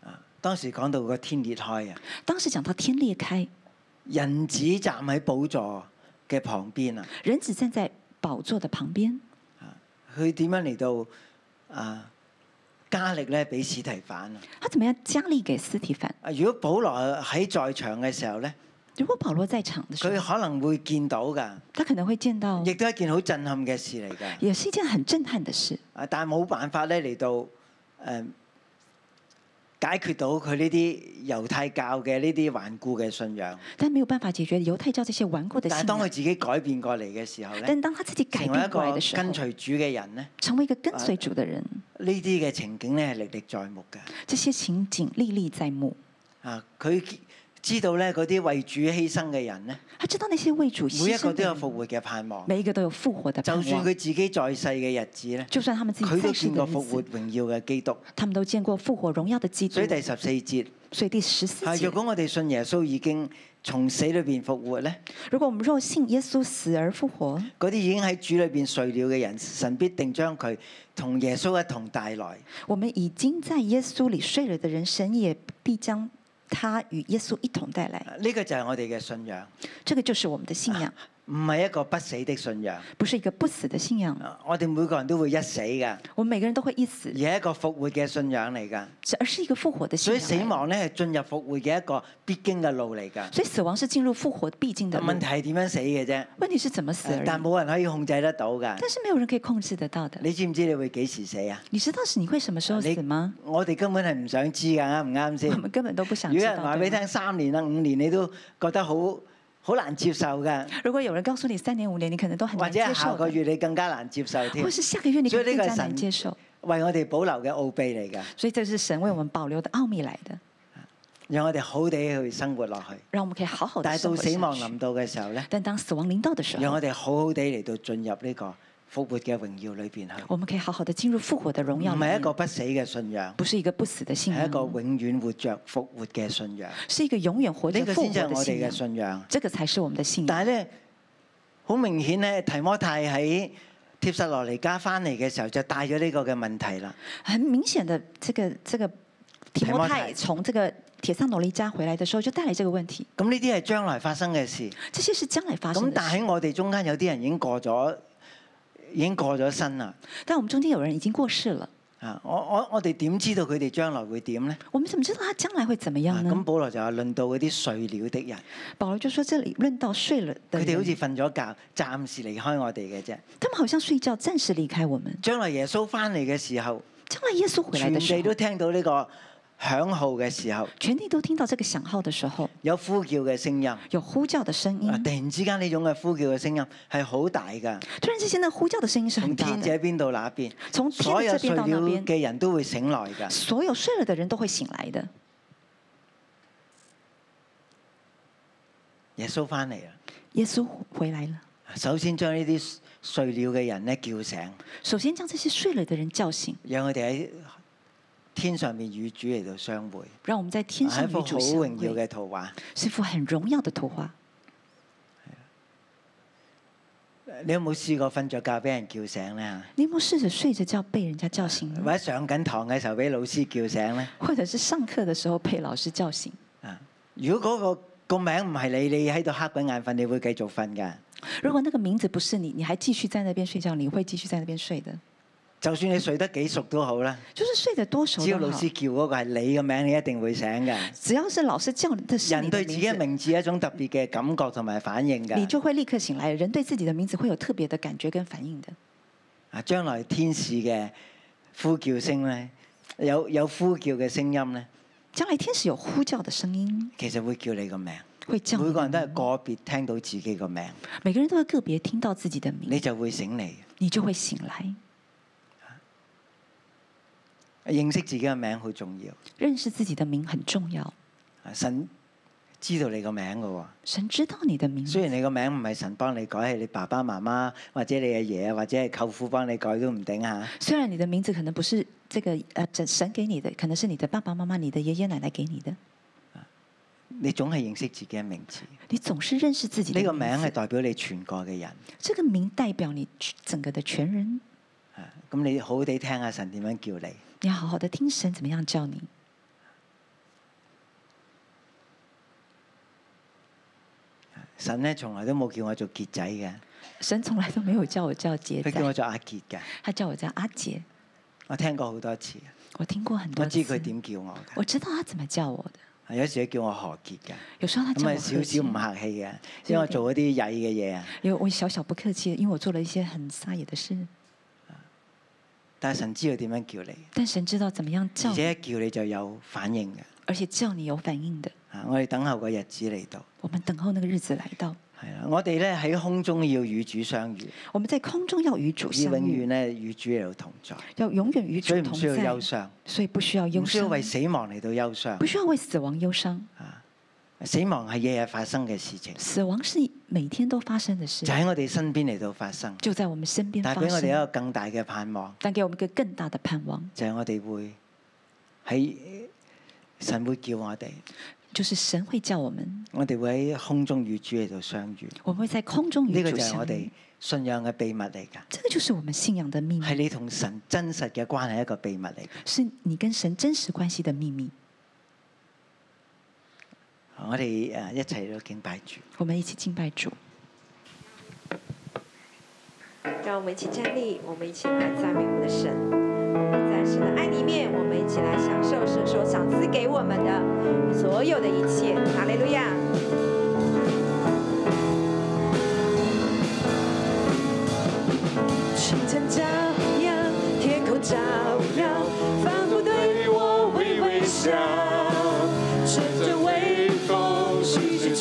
啊，當時講到個天裂開啊！當時講到天裂開。人子站喺寶座嘅旁邊啊！人子站在寶座嘅旁邊。啊，佢點樣嚟到啊？加力咧，俾史提反啊！他怎麼樣加力給史提反？啊，如果保羅喺在場嘅時候咧？如果保羅在場嘅時候？佢可能會見到噶。他可能會見到。亦都係一件好震撼嘅事嚟噶。也是一件很震撼嘅事。啊，但係冇辦法咧嚟到誒。呃解決到佢呢啲猶太教嘅呢啲頑固嘅信仰，但係沒有辦法解決猶太教這些頑固嘅。但係當佢自己改變過嚟嘅時候咧，但當他自己改變過來的時候，跟隨主嘅人咧，成為一個跟隨主嘅人，呢啲嘅情景咧係歷歷在目嘅，這些情景歷歷在目，歷歷在目啊佢。知道咧，嗰啲為主犧牲嘅人咧，他知道那些為主犧牲，每一個都有復活嘅盼望，每一個都有復活嘅盼望。就算佢自己在世嘅日子咧，就算他們自己佢都見過復活榮耀嘅基督，他們都見過復活榮耀嘅基督。所以第十四節，所以第十四節，如果我哋信耶穌已經從死裏邊復活咧，如果我們若信耶穌死而復活，嗰啲已經喺主裏邊睡了嘅人，神必定將佢同耶穌一同帶來。我們已經在耶穌裏睡了的人，神也必將。他與耶穌一同帶來。呢個就係我哋嘅信仰。這個就是我們的信仰。唔係一個不死的信仰，不是一個不死的信仰。我哋每個人都會一死噶、啊，我每個人都會一死。而係一個復活嘅信仰嚟噶，而是一個復活嘅信仰。所以死亡咧係進入復活嘅一個必經嘅路嚟噶。所以死亡是進入復活，活必經嘅路。問題係點樣死嘅啫？問題是怎麼死？但冇人可以控制得到噶，但是冇人可以控制得到的。到的你知唔知你會幾時死啊？你知道你會什麼時候死嗎？我哋根本係唔想知噶，啱唔啱先？我們根本都不想知、啊。如果人話俾你聽三年啦、五年，年，你都覺得好。好難接受噶。如果有人告訴你三年五年，你可能都很難接受。或者下個月你更加難接受。或是下個月你更加難接受。為我哋保留嘅奧秘嚟噶。所以呢個神為我哋保留嘅奧秘嚟嘅。所以這是神為我們保留的奧秘來的，讓我哋好好地去生活落去。讓我們可以好好。但係到死亡臨到嘅時候咧，但當死亡臨到嘅時候，讓我哋好好地嚟到進入呢個。復活嘅榮耀裏邊係，我們可以好好的進入復活的榮耀。唔係一個不死嘅信仰，不是一個不死的信仰，係一個永遠活着復活嘅信仰，是一個永遠活着復活的信仰。呢個先就係我哋嘅信仰，個信仰這個才是我們的信仰。但係咧，好明顯咧，提摩太喺帖撒羅尼加翻嚟嘅時候就帶咗呢個嘅問題啦。很明顯的，這個這個提摩太從這個帖撒羅尼加回來的時候就帶來這個問題。咁呢啲係將來發生嘅事，這些是將來發生。咁但喺我哋中間有啲人已經過咗。已經過咗身啦，但我們中間有人已經過世了。啊，我我我哋點知道佢哋將來會點呢？我們怎麼知道他將來會怎麼樣呢？咁、啊、保羅就話論到嗰啲睡了的人，保羅就說這裏論到睡了的人，佢哋好似瞓咗覺，暫時離開我哋嘅啫。他們好像睡覺，暫時離開我們。將來耶穌翻嚟嘅時候，將來耶穌回來的時候，你都聽到呢個。響號嘅時候，全地都聽到這個響號嘅時候，有呼叫嘅聲音，有呼叫嘅聲音，突然之間，呢種嘅呼叫嘅聲音係好大噶。突然之間，呢呼叫嘅聲音係從天這邊到那邊，從天這邊到那邊，所有睡了嘅人都會醒來噶。所有睡了嘅人都會醒來嘅。耶穌翻嚟啦，耶穌回來了。首先將呢啲睡了嘅人咧叫醒，首先將這些睡了嘅人叫醒，叫醒讓佢哋喺。天上面與主嚟到相會，係一幅好榮耀嘅圖畫，係幅很榮耀的圖畫。你有冇試過瞓着覺俾人叫醒呢？你有冇試着睡着覺被人家叫醒？或者上緊堂嘅時候俾老師叫醒呢？或者是上課嘅時候被老師叫醒？叫醒啊，如果嗰、嗰個、嗰個名唔係你，你喺度瞌鬼眼瞓，你會繼續瞓噶？如果那個名字不是你，你還繼續在那邊睡覺，你會繼續在那邊睡的。就算你睡得幾熟都好啦，就是睡得多熟，只要老師叫嗰個係你嘅名，你一定會醒㗎。只要是老師叫你，人對自己嘅名字有一種特別嘅感覺同埋反應嘅。你就會立刻醒來，人對自己嘅名字會有特別嘅感覺跟反應的。啊，將來天使嘅呼叫聲咧，有有呼叫嘅聲音咧，將來天使有呼叫嘅聲音，其實會叫你個名，會叫。每個人都係個別聽到自己個名，每個人都會個別聽到自己的名，你就會醒嚟，你就會醒來。認識自己嘅名好重要。認識自己嘅名很重要。神知道你個名嘅喎。神知道你嘅名。雖然你個名唔係神幫你改，係你爸爸媽媽或者你阿爺啊，或者係舅父幫你改都唔定吓。雖然你嘅名字可能不是這個誒、啊，神給你的，可能是你的爸爸媽媽、你的爺爺奶奶給你的。你總係認識自己嘅名字。你總是認識自己。呢個名係代表你全個嘅人。這個名代表你整個的全人。咁你好好地聽阿神點樣叫你？你要好好地聽神怎麼樣叫你？神呢從來都冇叫我做傑仔嘅。神從來都冇叫，叫我叫傑仔。佢叫我做阿傑嘅。佢叫我做阿傑。我聽過好多次。我聽過很多次。我知佢點叫我。我知道他怎麼叫我的。有時佢叫我何傑嘅。有時候他叫。咁啊，小小唔客氣嘅，因為我做一啲曳嘅嘢啊。因為我小小不客氣，因為我做了一些很撒野嘅事。但神知道點樣叫你，但神知道怎麼樣叫，而且一叫你就有反應嘅，而且叫你有反應的。啊，我哋等候個日子嚟到，我們等候那個日子嚟到。係啦，我哋咧喺空中要與主相遇，我們在空中要與主相遇，永遠咧與主有同在，要永遠與主同在。所以唔需要憂傷，所以不需要憂傷，需要，憂傷唔需要為死亡嚟到憂傷，不需要為死亡憂傷。啊，死亡係日日發生嘅事情，死亡是。每天都發生的事，就喺我哋身邊嚟到發生，就在我們身邊，但俾我哋一個更大嘅盼望，但給我們一個更大的盼望，就係我哋會喺神會叫我哋，就是會神會叫我們，我哋會喺空中與主嚟到相遇，我會在空中與主相遇。呢個就係我哋信仰嘅秘密嚟噶，呢個就是我們信仰嘅秘密，係你同神真實嘅關係一個秘密嚟，是你跟神真實關係的秘密。我哋誒一齊都敬拜主，我們一起敬拜主。讓我們一起站立，我們一起來讚美我們的神。我們在神的愛裡面，我們一起來享受神所賞賜給我們的所有的一切。哈利路亞！清晨照耀，天空照亮，仿佛對我微微笑。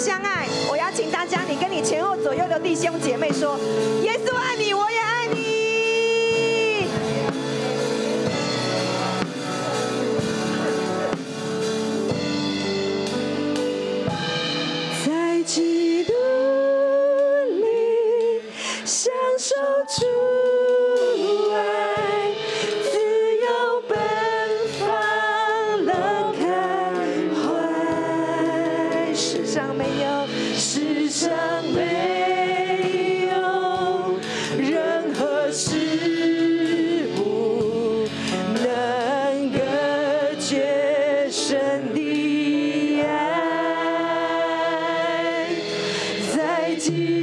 相愛，我要請大家，你跟你前後左右的弟兄姐妹說，耶穌。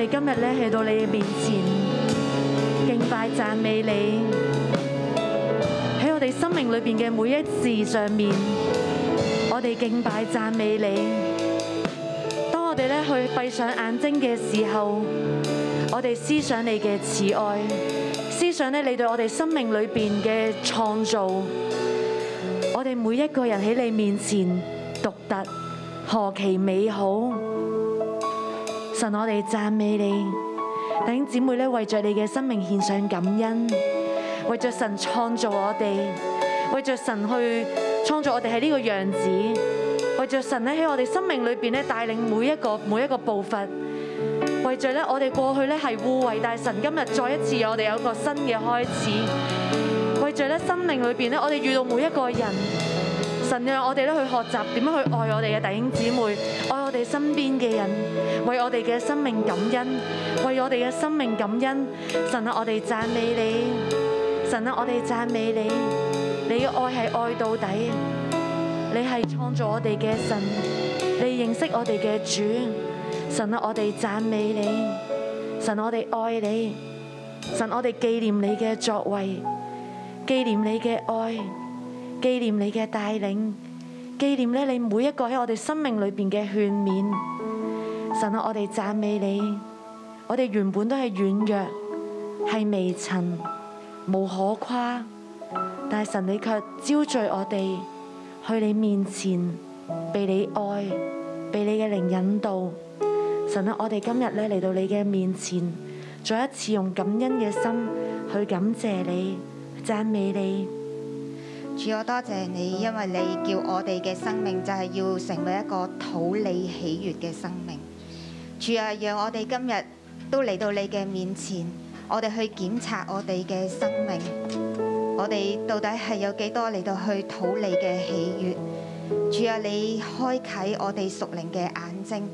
我哋今日咧去到你嘅面前，敬拜讚美你。喺我哋生命裏邊嘅每一事上面，我哋敬拜讚美你。當我哋咧去閉上眼睛嘅時候，我哋思想你嘅慈愛，思想咧你對我哋生命裏邊嘅創造，我哋每一個人喺你面前獨特，何其美好！神，我哋讚美你，弟兄姊妹咧，為着你嘅生命獻上感恩，為着神創造我哋，為着神去創造我哋係呢個樣子，為着神咧喺我哋生命裏邊咧帶領每一個每一個步伐，為着咧我哋過去咧係護衛，但係神今日再一次有我哋有個新嘅開始，為着咧生命裏邊咧我哋遇到每一個人。神讓我哋都去學習點樣去愛我哋嘅弟兄姊妹，愛我哋身邊嘅人，為我哋嘅生命感恩，為我哋嘅生命感恩。神啊，我哋讚美你！神啊，我哋讚美你！你嘅愛係愛到底，你係創造我哋嘅神，你認識我哋嘅主。神啊，我哋讚美你！神，我哋愛你！神，我哋紀念你嘅作為，紀念你嘅愛。紀念你嘅帶領，紀念咧你每一個喺我哋生命裏邊嘅勸勉。神啊，我哋讚美你。我哋原本都係軟弱，係微塵，無可誇。但係神你卻招聚我哋去你面前，被你愛，被你嘅靈引導。神啊，我哋今日咧嚟到你嘅面前，再一次用感恩嘅心去感謝你，讚美你。主啊，多謝你，因為你叫我哋嘅生命就係要成為一個討你喜悦嘅生命。主啊，讓我哋今日都嚟到你嘅面前，我哋去檢查我哋嘅生命，我哋到底係有幾多嚟到去討你嘅喜悦。主啊，你開啟我哋屬靈嘅眼睛，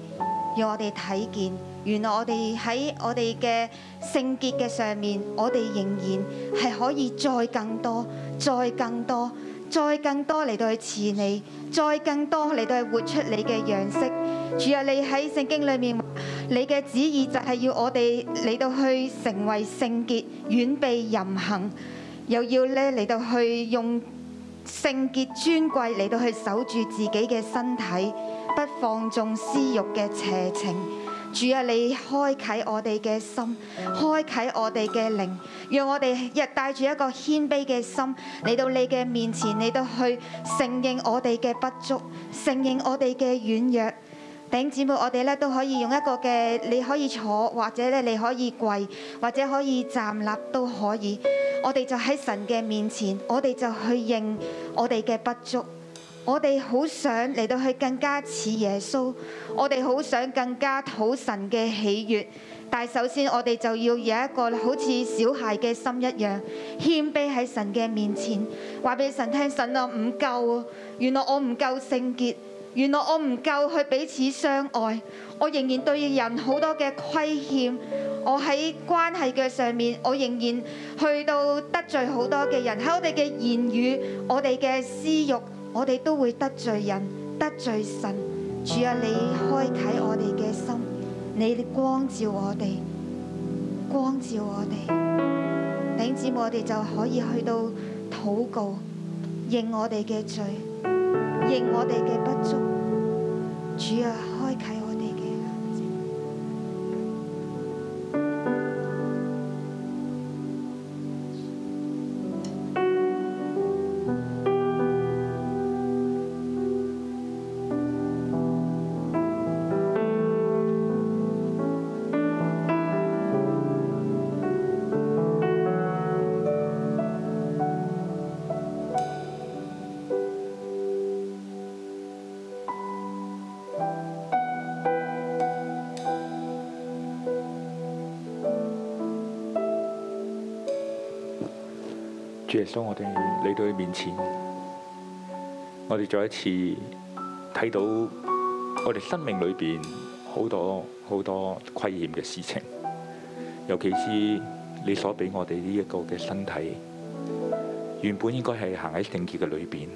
讓我哋睇見。原來我哋喺我哋嘅聖潔嘅上面，我哋仍然係可以再更多、再更多、再更多嚟到去持你，再更多嚟到去活出你嘅樣式。主啊，你喺聖經裏面，你嘅旨意就係要我哋嚟到去成為聖潔，遠避淫行，又要呢嚟到去用聖潔尊貴嚟到去守住自己嘅身體，不放縱私欲嘅邪情。主啊，你開啟我哋嘅心，開啟我哋嘅靈，讓我哋日帶住一個謙卑嘅心嚟到你嘅面前，你都去承認我哋嘅不足，承認我哋嘅軟弱。弟兄姊妹，我哋咧都可以用一個嘅，你可以坐，或者咧你可以跪，或者可以站立都可以。我哋就喺神嘅面前，我哋就去認我哋嘅不足。我哋好想嚟到去更加似耶穌，我哋好想更加討神嘅喜悅。但係首先，我哋就要有一個好似小孩嘅心一樣謙卑喺神嘅面前，話俾神聽，神啊，唔夠啊！原來我唔夠聖潔，原來我唔夠去彼此相愛，我仍然對人好多嘅虧欠，我喺關係嘅上面，我仍然去到得罪好多嘅人，喺我哋嘅言語，我哋嘅私欲。我哋都會得罪人、得罪神。主啊，你開啟我哋嘅心，你光照我哋，光照我哋，令至我哋就可以去到禱告，認我哋嘅罪，認我哋嘅不足。主啊，開啟。主耶穌，我哋嚟到你面前，我哋再一次睇到我哋生命裏邊好多好多虧欠嘅事情，尤其是你所俾我哋呢一個嘅身體，原本應該係行喺聖潔嘅裏邊，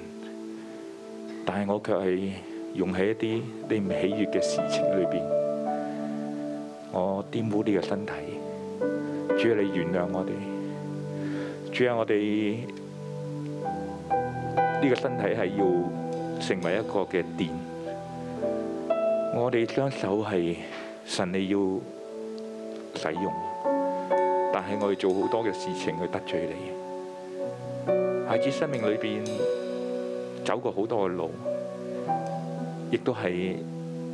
但係我卻係用喺一啲你唔喜悅嘅事情裏邊，我玷污呢個身體。主，要你原諒我哋。主啊，我哋呢個身體係要成為一個嘅殿，我哋雙手係神你要使用，但係我要做好多嘅事情去得罪你。孩子生命裏面，走過好多嘅路，亦都係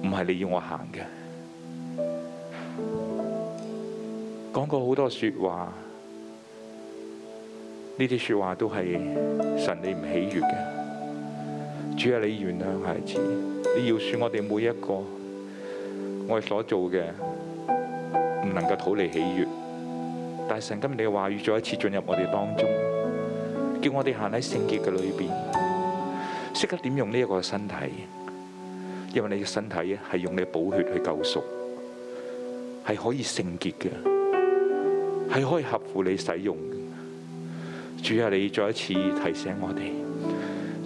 唔係你要我行嘅，講過好多說話。呢啲說話都係神你唔喜悅嘅，主啊，你原諒孩子，你要算我哋每一個我哋所做嘅唔能夠討你喜悅。但係神今日你嘅話語再一次進入我哋當中，叫我哋行喺聖潔嘅裏邊，識得點用呢一個身體，因為你嘅身體係用你嘅補血去救贖，係可以聖潔嘅，係可以合乎你使用嘅。主係你再一次提醒我哋，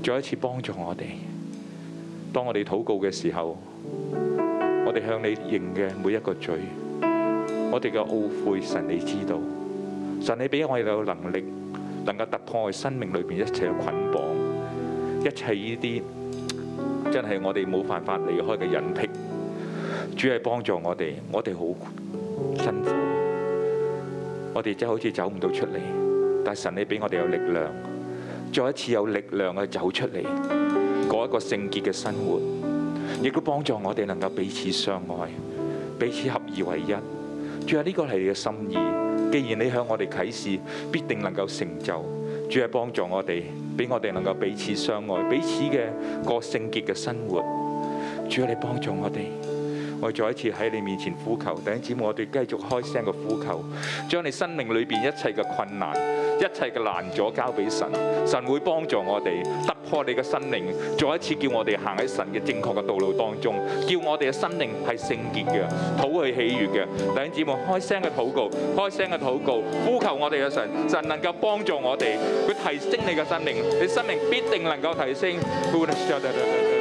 再一次幫助我哋，當我哋禱告嘅時候，我哋向你認嘅每一個罪，我哋嘅懊悔，神你知道。神你俾我哋有能力，能夠突破我生命裏邊一切嘅捆綁，一切呢啲真係我哋冇辦法離開嘅隱癖。主係幫助我哋，我哋好辛苦，我哋真係好似走唔到出嚟。神，你俾我哋有力量，再一次有力量去走出嚟，過一個聖潔嘅生活，亦都幫助我哋能夠彼此相愛，彼此合而為一。主啊，呢個係你嘅心意。既然你向我哋啟示，必定能夠成就。主啊，幫助我哋，俾我哋能夠彼此相愛，彼此嘅過聖潔嘅生活。主啊，你幫助我哋，我再一次喺你面前呼求，弟兄姊妹，我哋繼續開聲嘅呼求，將你生命裏邊一切嘅困難。一切嘅難阻交俾神，神會幫助我哋突破你嘅心靈，再一次叫我哋行喺神嘅正確嘅道路當中，叫我哋嘅心靈係聖潔嘅，討去喜悅嘅。弟兄姊妹，開聲嘅禱告，開聲嘅禱告，呼求我哋嘅神，神能夠幫助我哋，佢提升你嘅心靈，你心靈必定能夠提升。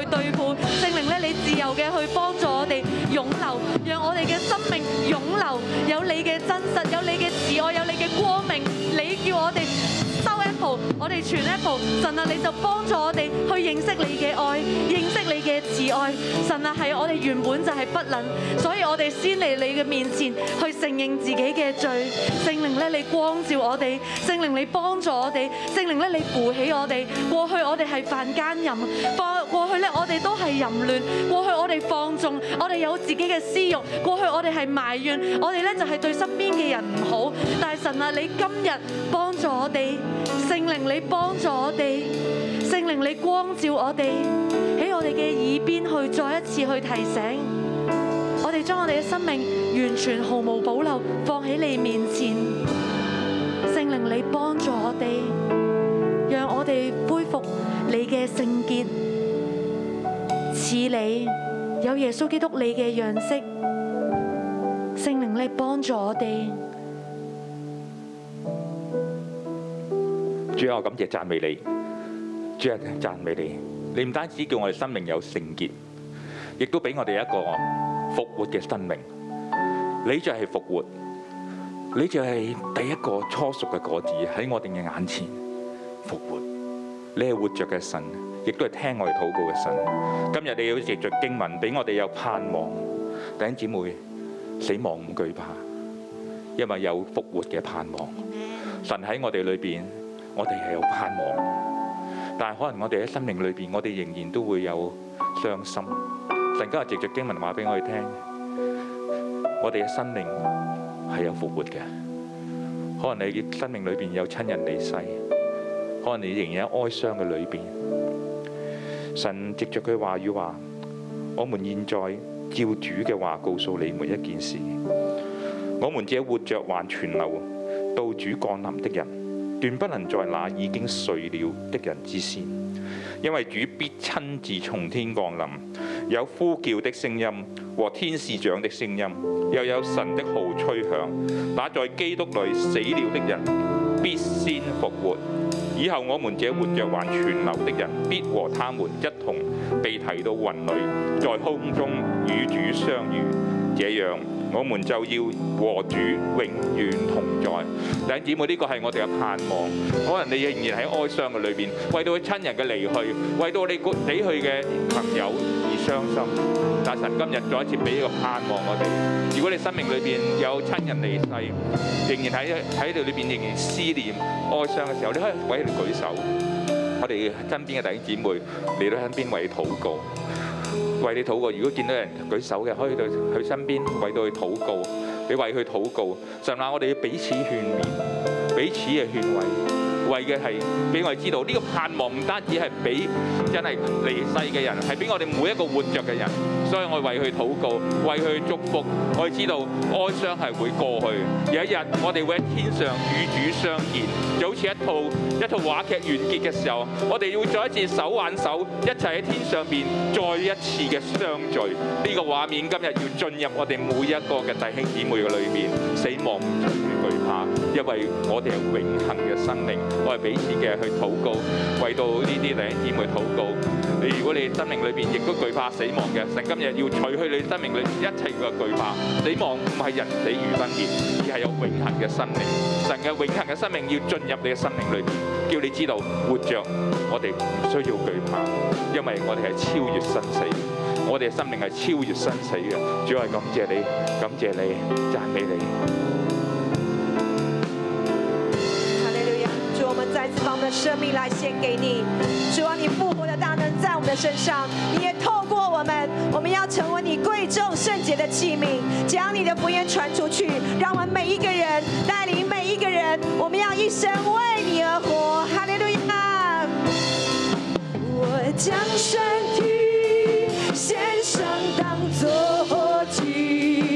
去對付聖靈咧你自由嘅去幫助我哋湧流，讓我哋嘅生命湧流，有你嘅真實，有你嘅慈愛，有你嘅光明。你叫我哋收一步，我哋全一步。神啊，你就幫助我哋去認識你嘅愛，認識你嘅慈愛，神啊，係我哋原本就係不能，所以我哋先嚟你嘅面前去承認自己嘅罪。聖靈咧你光照我哋，聖靈你幫助我哋，聖靈咧你扶起我哋。過去我哋係犯奸淫，幫過去咧，我哋都係淫亂；過去我哋放縱，我哋有自己嘅私欲；過去我哋係埋怨，我哋咧就係對身邊嘅人唔好。大神啊，你今日幫助我哋，聖靈你幫助我哋，聖靈你光照我哋，喺我哋嘅耳邊去再一次去提醒我哋，將我哋嘅生命完全毫無保留放喺你面前。聖靈你幫助我哋，讓我哋恢復你嘅聖潔。似你有耶穌基督你嘅樣式，聖靈嚟幫助我哋。主啊，我感謝讚美你，主啊讚美你。你唔單止叫我哋生命有聖潔，亦都俾我哋一個復活嘅生命。你就係復活，你就係第一個初熟嘅果子喺我哋嘅眼前復活。你係活着嘅神。亦都係聽我哋禱告嘅神，今日你要藉着經文俾我哋有盼望，弟兄姊妹死亡唔懼怕，因為有復活嘅盼望。神喺我哋裏邊，我哋係有盼望，但係可能我哋喺生命裏邊，我哋仍然都會有傷心。神今日藉着經文話俾我哋聽，我哋嘅生命係有復活嘅。可能你嘅生命裏邊有親人離世，可能你仍然喺哀傷嘅裏邊。神藉著佢話語話，我們現在照主嘅話告訴你們一件事：我們這活着還存留到主降臨的人，斷不能在那已經睡了的人之先，因為主必親自從天降臨，有呼叫的聲音和天使長的聲音，又有神的號吹響，那在基督裏死了的人必先復活。以後我們這活着還存留的人，必和他們一同被提到雲裏，在空中與主相遇。這樣，我們就要和主永遠同在。弟兄姊妹，呢個係我哋嘅盼望。可能你仍然喺哀傷嘅裏邊，為到佢親人嘅離去，為到你死去嘅朋友而傷心。但神今日再一次俾一個盼望我哋。如果你生命裏邊有親人離世，仍然喺喺度裏邊仍然思念哀傷嘅時候，你可以為佢舉手。我哋身邊嘅弟兄姊妹，邊你都喺邊位為佢禱告？為你禱告，如果見到人舉手嘅，可以到佢身邊為到佢禱告，你為佢禱告，係咪我哋要彼此勸勉。彼此嘅安慰，為嘅係俾我哋知道呢個盼望唔單止係俾真係離世嘅人，係俾我哋每一個活着嘅人。所以我為佢禱告，為佢祝福。我哋知道哀傷係會過去。有一日我哋會喺天上與主相見，就好似一套一套話劇完結嘅時候，我哋要再一次手挽手，一齊喺天上邊再一次嘅相聚。呢個畫面今日要進入我哋每一個嘅弟兄姊妹嘅裏面。死亡懼怕，因為我哋係永恆嘅生命，我係彼此嘅去禱告，為到呢啲弟兄姊妹禱告。你如果你生命裏邊亦都懼怕死亡嘅，神今日要除去你生命裏一切嘅懼怕。死亡唔係人死與分別，而係有永恆嘅生命。神嘅永恆嘅生命要進入你嘅生命裏邊，叫你知道活着，我哋唔需要懼怕，因為我哋係超越生死。我哋嘅生命係超越生死嘅。主要係感謝你，感謝你，讚美你。再次把我們的生命來獻給你，希望你復活的大能在我們的身上，你也透過我們，我們要成為你貴重聖潔的器皿，將你的福音傳出去，讓我們每一個人帶領每一個人，我們要一生為你而活。哈利路亞！我將身體獻上，當作活祭。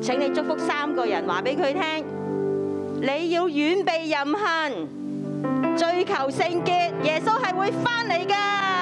請你祝福三個人，話俾佢聽，你要遠避淫行，追求聖潔，耶穌係會翻嚟㗎。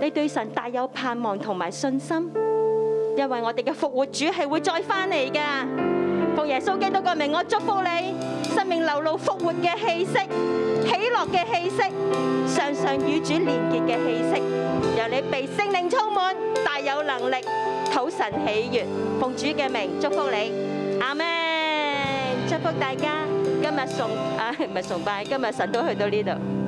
你對神大有盼望同埋信心，因為我哋嘅復活主係會再翻嚟噶。奉耶穌基督嘅名，我祝福你，生命流露復活嘅氣息、喜樂嘅氣息、常常與主連結嘅氣息，讓你被聖靈充滿，大有能力，討神喜悅。奉主嘅名祝福你，阿門。祝福大家，今日崇啊，唔係崇拜，今日神都去到呢度。